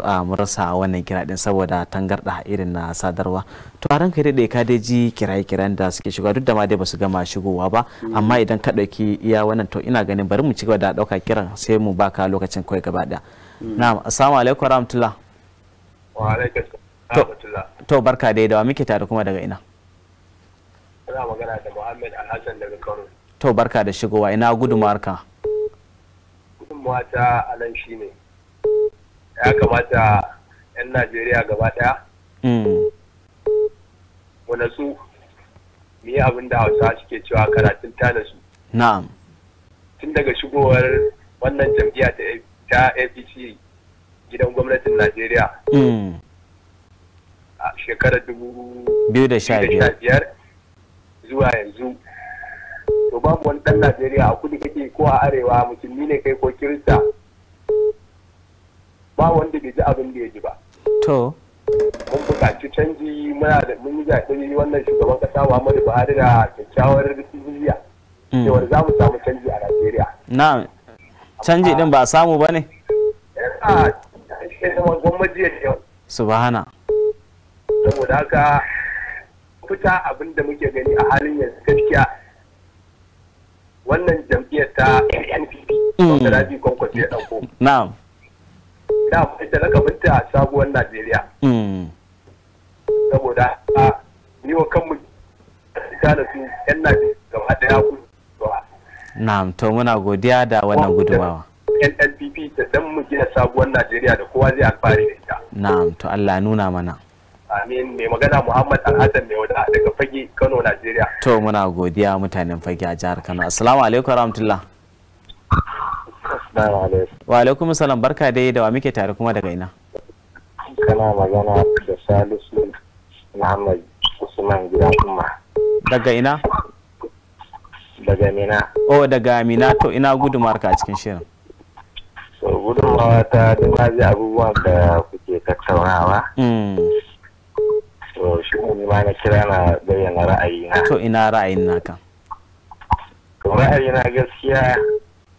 a murasa wannan kira din saboda tangarda irin na sadarwa to a ranka dai ka dai ji kiraye kiran da suke shiga duk da ma dai basu gama shigowa ba amma idan ka dauki iya wannan to ina ganin bari mu ci gaba da dauka kiran sai mu baka lokacin kai gaba da na'am assalamu alaikum warahmatullah wa alaikum to barka dai da muke tare kuma daga ina ina magana da Muhammad Alhassan daga Kano to barka da shigowa ina gudunmawarka gudunmawa ta alan shine ya kamata 'yan najeriya gaba daya mm. mu su mu abin da hausa suke cewa karatun ta nasu na'am tun daga shigowar wannan jam'iyya ta apc gidan gwamnatin najeriya mm. a shekarar biyar zuwa yanzu to babu wani ɗan najeriya a kudu kake ko a arewa mutum ne kai ko kirista ba wanda bai ji abin da ya ji ba to mun buƙaci canji muna da mun yi zaɓe wannan shugaban ƙasa Muhammadu Buhari da kyakkyawar niyya mm. cewar za mu samu canji a Najeriya na'am canji din ba a samu ba ne subhana saboda haka fita abin da muke gani a halin yanzu gaskiya wannan jam'iyyar ta NPP wanda mm. Rabi kwankwasi ya ɗauko na'am da ita na kafinta a sabuwar najeriya hmm. saboda a ni wa kanmu ta da su yan najeriya gaba daya kudu na'am to muna godiya da wannan gudumawa NNPP ta dan mu gina sabuwar Najeriya da kowa zai alfahari da ita. Na'am to Allah nuna mana. Amin mai magana Muhammad Al-Hassan mai wada daga Fage Kano Najeriya. To muna godiya mutanen Fage a jihar Kano. Assalamu alaikum warahmatullahi. Wa alaikum salam barka dai da wa muke tare kuma daga ina. Kana magana da Salisu Muhammad Usman gida kuma. Daga ina? Daga Mina. Oh daga Mina to ina gudumar ka a cikin shirin. So gudumawa ta duma abubuwan da kuke tattaunawa. Hmm. So shi ne ma na kira na bayyana ra'ayina. To ina ra'ayin naka. Ra'ayina gaskiya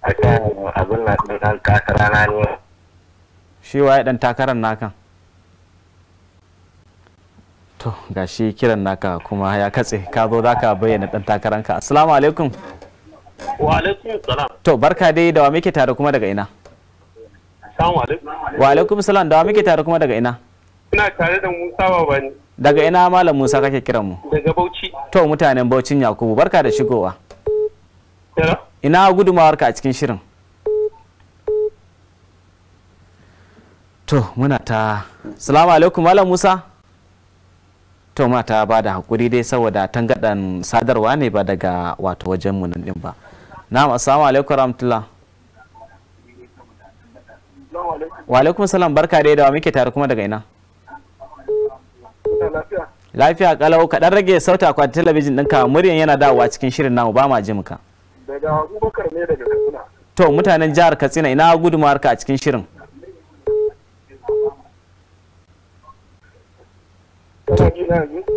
abin na ɗin ɗan takara na ne shi waye ɗan takarar naka. to ga shi kiran naka kuma ya katse ka zo za ka bayyana ɗan takaranka assalamu alaikum wa alaikum salam to barka dai da wa muke tare kuma daga ina assalamu alaikum wa alaikum salam da wa muke tare kuma daga ina ina tare da musa babani daga ina malam musa kake kiran mu daga bauchi to mutanen Bauchin yakubu barka da shigowa ina ka a cikin shirin to muna ta salamu alaikum malam musa to ta ba da hakuri dai saboda tangaɗan sadarwa ne ba daga wato wajen mu nan ba na'am assalamu alaikum rahmatullah wa alaikum salam barka dai da wa muke tare kuma daga ina lafiya kalau kaɗan rage sauta akwatin talabijin dinka. muryan yana dawowa cikin shirin namu ba ma ji muka daga abubakar ne daga katsina to mutanen jihar katsina ina gudunmawar ka a cikin shirin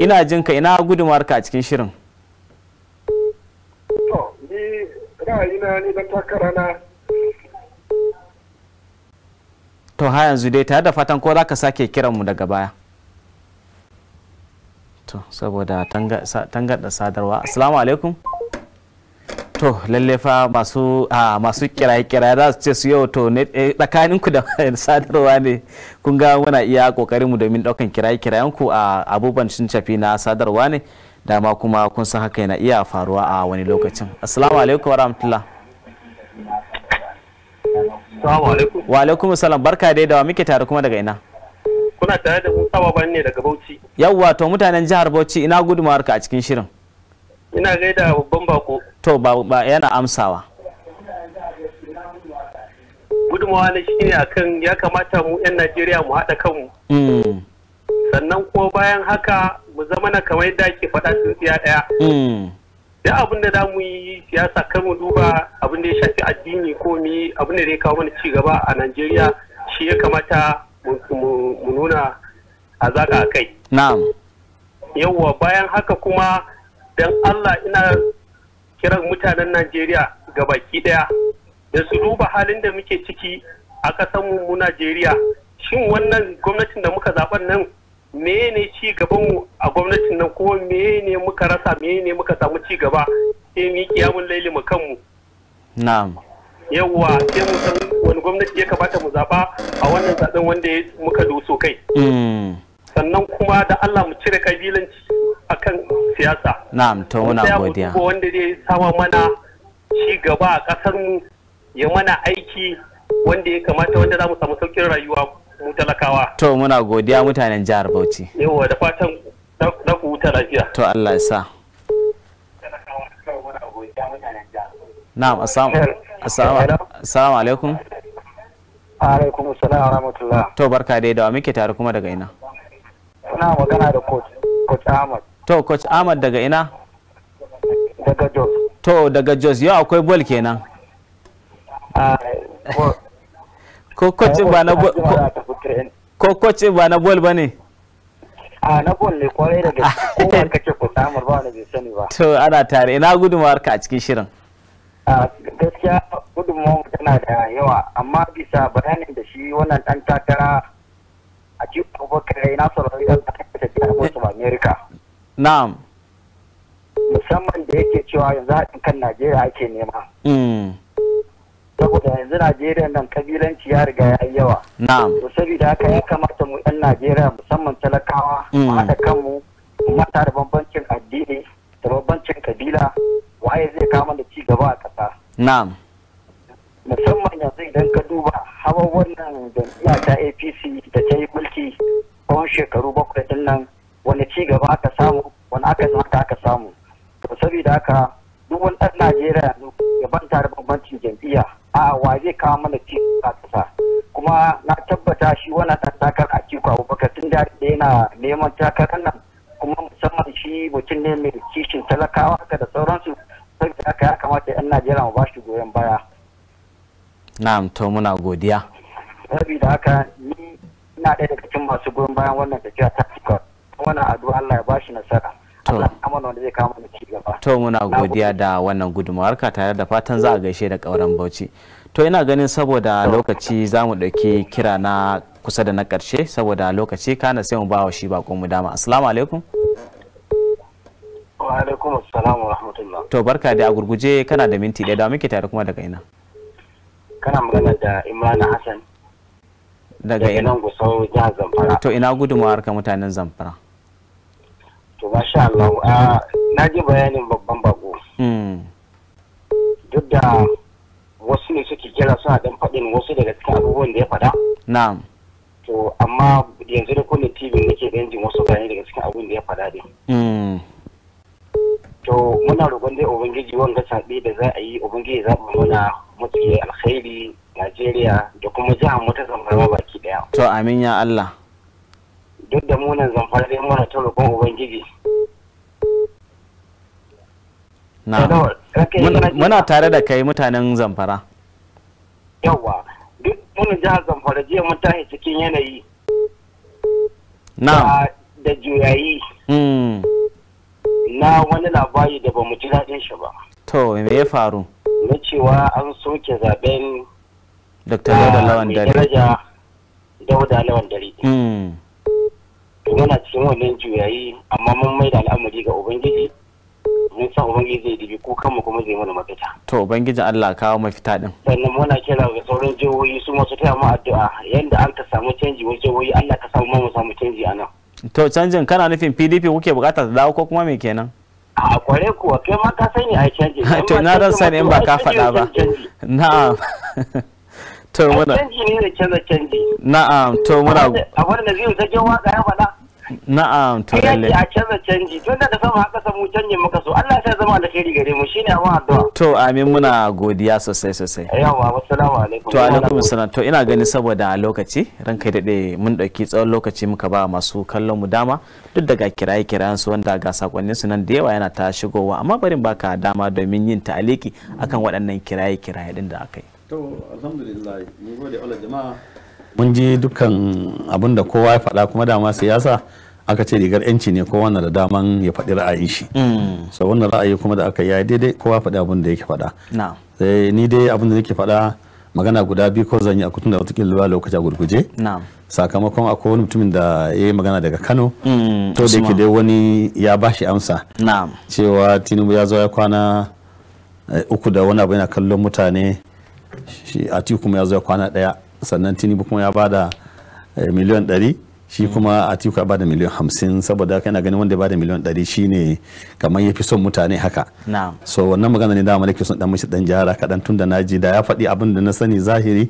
ina jin ka ina gudunmawar ka a cikin shirin to ni ra'ayina takara na to ha yanzu dai tare da fatan ko za ka sake kiranmu daga baya to saboda tangarda sadarwa assalamu alaikum to lalle fa masu a masu za su ce su yau to eh, tsakanin ku da [LAUGHS] sadarwa ne kun ga muna iya kokarin mu domin daukan kira kirayen ku a abubuwan sun shafi na sadarwa ne dama kuma kun san haka yana iya faruwa a wani lokacin assalamu alaikum warahmatullah wa alaikum salam barka dai da wa muke tare kuma daga ina kuna tare da mu baban ne daga bauchi yawwa to mutanen jihar bauchi ina gudunmawar ka a cikin shirin ina gaida babban bako to ba yana amsawa gudunmawa na shine akan ya kamata mu 'yan najeriya mu haɗa kanmu mm. sannan ko bayan haka mu zama na kamar yadda ake faɗa tsintsiya ɗaya mm. da abin da za mu yi siyasa kan mu duba abin da ya shafi addini ko mu yi abin da zai kawo mana ci gaba a najeriya shi ya kamata mu nuna a a kai yawwa bayan haka kuma don Allah ina kiran mutanen Najeriya ga baki ɗaya da su duba halin da muke ciki a ƙasarmu mu Najeriya shin wannan gwamnatin da muka zaɓen nan menene ci gabanmu a gwamnatin nan ko menene muka rasa menene muka samu ci gaba sai mu yi kiyamun laili mu kanmu na'am yawwa sai mu san wani gwamnati ya kamata mu zaɓa a wannan zaɓen wanda muka doso kai mm. sannan kuma da Allah mu cire kabilanci akan siyasa na'am to muna godiya wanda zai sama mana ci gaba a kasar mu ya mana aiki wanda ya kamata wanda za mu samu saukin rayuwa mu talakawa to muna godiya mutanen jihar Bauchi yawa da fatan za ku huta lafiya to Allah ya sa na'am assalamu alaikum alaikum assalam wa rahmatullah to barka dai da wa muke tare kuma daga ina Suna magana da coach, Ahmad. To, coach Ahmad daga ina? Daga Jos. To, daga Jos, yau akwai bol kenan. Ah, [LAUGHS] ko coach ba na bol ko coach ba na bane? A ah, na bol ne kwarai da gaske. [LAUGHS] Ko ba kake coach Ahmad ba wani bai sani ba. To, ana tare. Ina gudunmawar ka a cikin shirin. Ah, gaskiya gudunmawar tana da yawa amma bisa bayanin da shi wannan dan takara a abubakar ya na da ta tafiya musu Amerika. na'am musamman da yake cewa yanzu haɗin kan najeriya ake nema mm. saboda yanzu najeriya nan kabilanci ya riga ya yi yawa na'am to saboda haka ya kamata mu yan najeriya musamman talakawa mu mm. kanmu mata da bambancin addini da bambancin kabila waye zai kama da ci gaba a ƙasa na'am musamman yanzu idan ka duba hawa wannan jam'iyya ta apc da ta yi mulki tsawon shekaru bakwai din nan wani ci gaba aka samu wani aka haka aka samu to saboda haka duk wani ɗan najeriya ya ban da bambancin jam'iyya a wa zai kawo mana ci a ƙasa kuma na tabbata shi wani ɗan takar a ciko abubakar tun da yana neman takarar nan kuma musamman shi mutum ne mai kishin talakawa haka da sauransu saboda haka ya kamata 'yan najeriya mu ba shi goyon baya na'am to muna godiya saboda haka ni ina ɗaya daga cikin masu goyon bayan wannan tafiya ta fuka wannan addu'a Allah ya bashi nasara Allah ya wanda zai kawo mana ci gaba to muna godiya da wannan gudunmawar ka tare da fatan za a gaishe da kauran Bauchi to ina ganin saboda lokaci za mu ɗauki kira na kusa da na ƙarshe saboda lokaci kana sai mu ba wa shi bakon mu dama assalamu alaikum wa alaikum assalam wa rahmatullah to barka da a gurguje kana da minti ɗaya da muke tare kuma daga ina kana magana da imrana hassan daga nan gusau jihar zamfara to ina gudunmawar ka mutanen zamfara to masha Allah na ji bayanin babban bako hmm. duk da wasu ne suke kira suna dan faɗin wasu daga cikin abubuwan da ya faɗa na'am to amma yanzu da kunne tv nake da jin wasu bayani daga cikin abubuwan da ya faɗa dai hmm. to muna roƙon dai ubangiji wanga saɓe da za a yi ubangiji zaɓa mana mafi alkhairi Najeriya da kuma jihar mu ta zamfara baki daya. To amin ya Allah. Duk da munan zamfara dai muna ta roƙon Ubangiji. Na. Muna tare da kai mutanen zamfara. Yawwa, duk munan jihar zamfara jiya mun tashi cikin yanayi. Na. Da juyayi. Hmm. Na wani labari da ba mu ji daɗin shi ba. To, me ya faru? na cewa an soke zaben Dr. Dauda ah, Lawan Dare. daraja Dauda Lawan Dare. Hmm. na cikin wannan juyayi amma mun mai da al'amari ga Ubangiji. Mun san Ubangiji zai dibi ko kanmu kuma zai mana mafita. To Ubangiji Allah kawo mafita din. Sannan muna kira ga sauran jihohi su masu taya mu addu'a yanda an ka samu canji wa jihohi Allah ka samu mu samu canji a nan. To canjin kana nufin PDP kuke bukata ta dawo ko kuma me kenan? a kware kuwa kai ma ka sani a canji to na dan sani in ba ka faɗa ba na'am [LAUGHS] to muna canji ne da canza canji na'am to muna a wannan zai zage waka ya faɗa na'am to lalle a canza canji tun da sama haka samu canjin muka so Allah sai zama kheri gare mu shine amma addu'a to amin muna godiya sosai sosai yawa assalamu alaikum to alaikum assalam to ina gani saboda lokaci ranka dade mun dauki tsawon lokaci muka ba masu kallon mu dama duk daga kiraye kirayen su wanda ga sakonnin su nan da yawa yana ta shigowa amma barin baka dama domin yin ta'aliki akan waɗannan kiraye kiraye din da akai to alhamdulillah mun gode Allah jama'a mun ji dukkan abin da kowa ya faɗa kuma dama siyasa aka ce rigar yanci ne kowa na da daman ya faɗi ra'ayin shi mm. so wannan ra'ayi kuma da aka yi daidai kowa faɗi abin da yake faɗa sai eh, ni dai abin da nake faɗa magana guda biyu ko zan yi a kutun da wataƙila lura lokaci a gurguje sakamakon akwai wani mutumin da ya yi magana daga kano mm, to da yake dai wani ya bashi amsa cewa tinubu ya zo ya kwana eh, uku da wani abu yana kallon mutane a ti kuma ya zo ya kwana daya sannan tinubu kuma ya bada eh, miliyan ɗari shi hmm. kuma atiku ya bada miliyan hamsin saboda yana ganin wanda ya bada miliyan ɗari ne kamar ya fi son mutane haka so wannan magana ne da nake son dan mishi dan jihara kaɗan tun da na ji da ya faɗi abin da na sani zahiri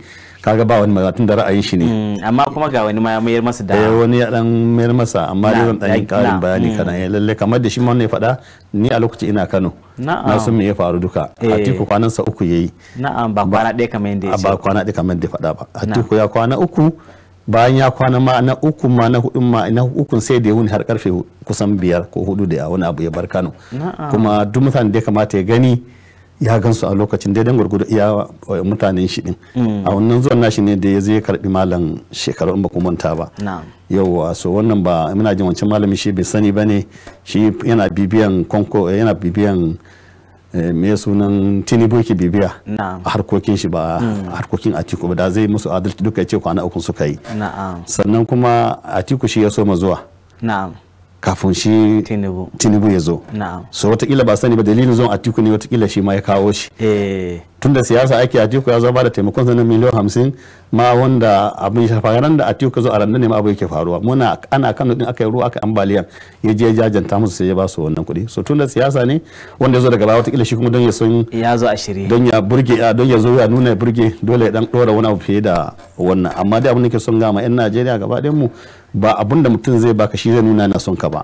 kaga ba wani magana da ra'ayin shi ne hmm, amma kuma ga wani ma ya mayar masa da eh wani ya dan mayar masa amma dai zan dan karin bayani hmm. kana eh lalle kamar da shi ma ne faɗa ni a lokacin ina Kano na san me ya faru duka eh. Atiku kwanan sa uku yayi na'am ba kwana ɗaya kamar yanda ya ce ba kwana ɗaya kamar yanda ya faɗa ba Atiku ya kwana uku bayan ya kwana ma na uku ma na hudu ma na uku sai da ya wuni har karfe kusan biyar ko hudu da wani abu ya bar Kano kuma duk mutanen da ya kamata ya gani ya gansu a lokacin daidai gwargwado iya eh, mutanen shi din mm. a wannan zuwan nashi ne da ya zai karbi malam shekarun ba manta ba yauwa so wannan ba muna jin wancan malami shi bai sani ba ne shi yana bibiyan konko eh, yana bibiyan eh, me sunan tinubu yake bibiya a harkokin shi ba a mm. harkokin atiku ba da zai musu adalci duka ya ce kwana uku suka yi sannan kuma atiku shi ya so ma zuwa kafin shi tinubu ya zo so watakila ba sani ba dalilin zuwa atiku ne watakila shi ma ya kawo shi eh. tunda siyasa ake atiku ya zo ba da taimakon sanin miliyan hamsin ma wanda abin shafa ran da tiyo ka zo a randan ne ma abu yake faruwa muna ana kan din aka yi ruwa aka ambaliya ya je jajanta musu sai ya ba su wannan kuɗi so tun da siyasa ne wanda ya zo daga baya wata shi kuma don ya son ya zo a shirye don ya burge don ya zo ya nuna ya burge dole ya dan dora wani abu fiye da wannan amma dai abin da ke son gama yan Najeriya gaba ɗayan mu ba abin da mutum zai baka shi zai nuna na son ka ba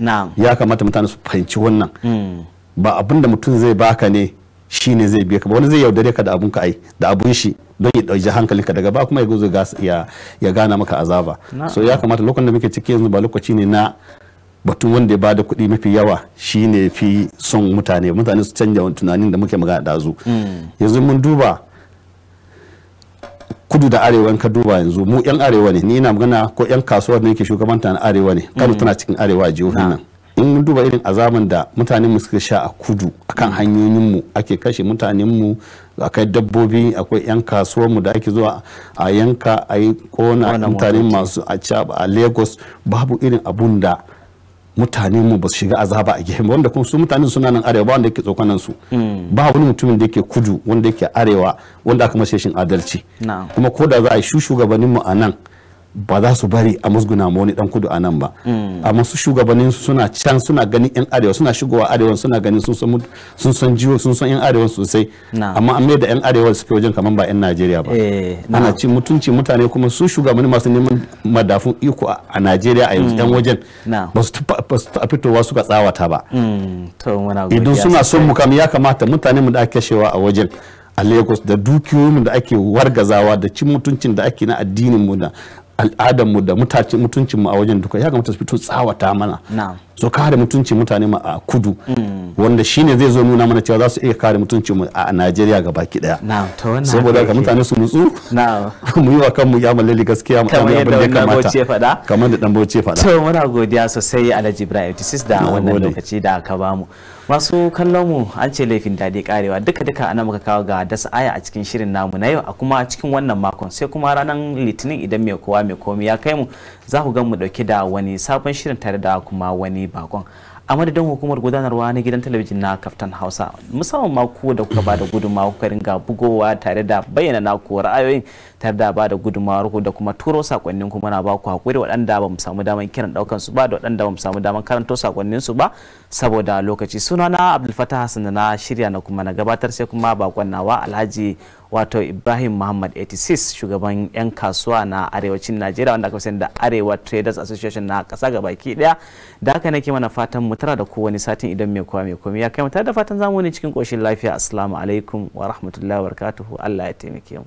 na'am ya kamata mutane su fahimci wannan hmm. ba abin da mutum zai baka ne shi ne zai biya ka ba wani zai yaudare ka da abun ka ai da abun shi don ya dauki hankalinka daga ba kuma ya gozo ya gana maka azaba so ya kamata lokacin da muke ciki yanzu ba lokaci ne na batun wanda ya bada kuɗi mafi yawa shi ne fi son mutane mutane su canja tunanin da muke magana dazu mm. yanzu mun duba kudu da arewa in ka duba yanzu mu yan arewa ne ni ina magana ko yan kasuwar da yake shugabanta na arewa ne kano mm. tana cikin arewa a jihohin nan in mun duba irin azaban da mutanen mu suka sha a kudu akan hanyoyin mu ake kashe mutanen mu akai dabbobi akwai yan kasuwar mu da ake zuwa a yanka a yi kona mutanen masu a a lagos babu irin abun da mutane mu ba su shiga azaba a gefe wanda kuma su mutanen suna nan arewa ba wanda yake tsokanan su hmm. ba wani mutumin da yake kudu wanda yake arewa wanda aka mace shin adalci kuma ko da za a yi shugabannin mu a nan ba za su bari a musguna ma wani dan kudu a nan ba hmm. amma su shugabannin su suna can suna ganin yan arewa suna shigowa arewa suna ganin sun san jiwo sun san yan arewa sosai amma an mai da yan arewa suke wajen kaman ba yan Najeriya ba eh, ana cin mutunci mutane kuma su shugabannin masu neman madafun iko a Najeriya a yanzu hmm. yan wajen ba su ta fitowa suka tsawata ba hmm. idan suna son mu kam ya kamata mutane mu da ake kashewa a wajen a lagos da dukiyoyinmu da ake wargazawa da cin mutuncin da ake na addinin mu da al'adarmu da mutuncinmu a wajen duka ya kamata su fito tsawata mana so kare mutuncin mutane ma a kudu wanda shine zai zo nuna mana cewa za su iya kare mutuncin mu a Najeriya ga baki daya saboda ka mutane su nutsu [LAUGHS] mu yi wa kanmu ya mallali gaskiya mu kamar yadda wannan bauchi faɗa kamar da dan bauchi faɗa to muna godiya sosai Alhaji Ibrahim Tis da wannan lokaci da aka bamu masu kallon mu an ce laifin daɗi karewa duka duka ana muka kawo ga dasa aya a cikin shirin namu na yau a kuma cikin wannan makon sai kuma ranar litinin idan mai kowa mai komi ya kai mu za ku gan mu dauke da wani sabon shirin tare da kuma wani Bakon a madadin hukumar gudanarwa na gidan talabijin na Kaftan Hausa musamman ma ku da kuka bada gudunmawa kuka ringa bugowa tare da bayyana na naku ra'ayoyin tare da bada gudunmawar ku da kuma turo sakonnin ku muna baku ku hakuri waɗanda ba mu samu daman kiran ɗaukan su ba da waɗanda ba mu samu daman karanto sakonnin su ba saboda lokaci sunana abdulfatah Fattah Hassan na shirya na kuma na gabatar sai kuma bakon nawa Alhaji wato ibrahim muhammad 86 shugaban 'yan kasuwa na arewacin najeriya wanda aka sani da arewa traders association na kasa ga baki daya da haka nake mana fatan mu tara da kowani satin idan mai kowa mai komi ya kai mu tare da fatan zamu ne cikin koshin lafiya assalamu alaikum wa rahmatullahi wa barakatuhu allah ya taimake mu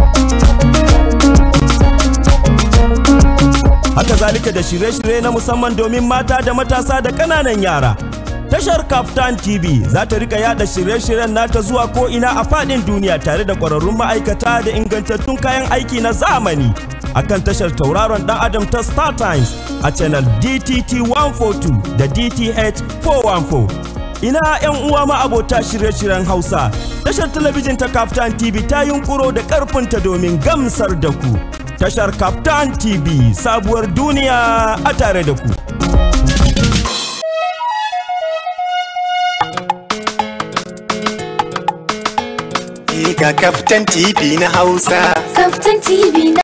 haka zalika da shirye-shirye na musamman domin mata da matasa da ƙananan yara. Tashar Kaftan TV za ta rika yada shirye-shiryen nata zuwa ko'ina a faɗin duniya tare da ƙwararrun ma'aikata da ingantattun kayan aiki na zamani. Akan tashar tauraron ɗan Adam ta Star Times a channel DTT 142 da DTH 414. ina 'yan uwa ma abota shirye-shiryen Hausa. Tashar talabijin ta Kaftan TV ta yunkuro da ƙarfinta domin gamsar da ku. Tashar Kaftan TV sabuwar duniya a tare da ku. Kaftan TV na Hausa. Kaftan TV na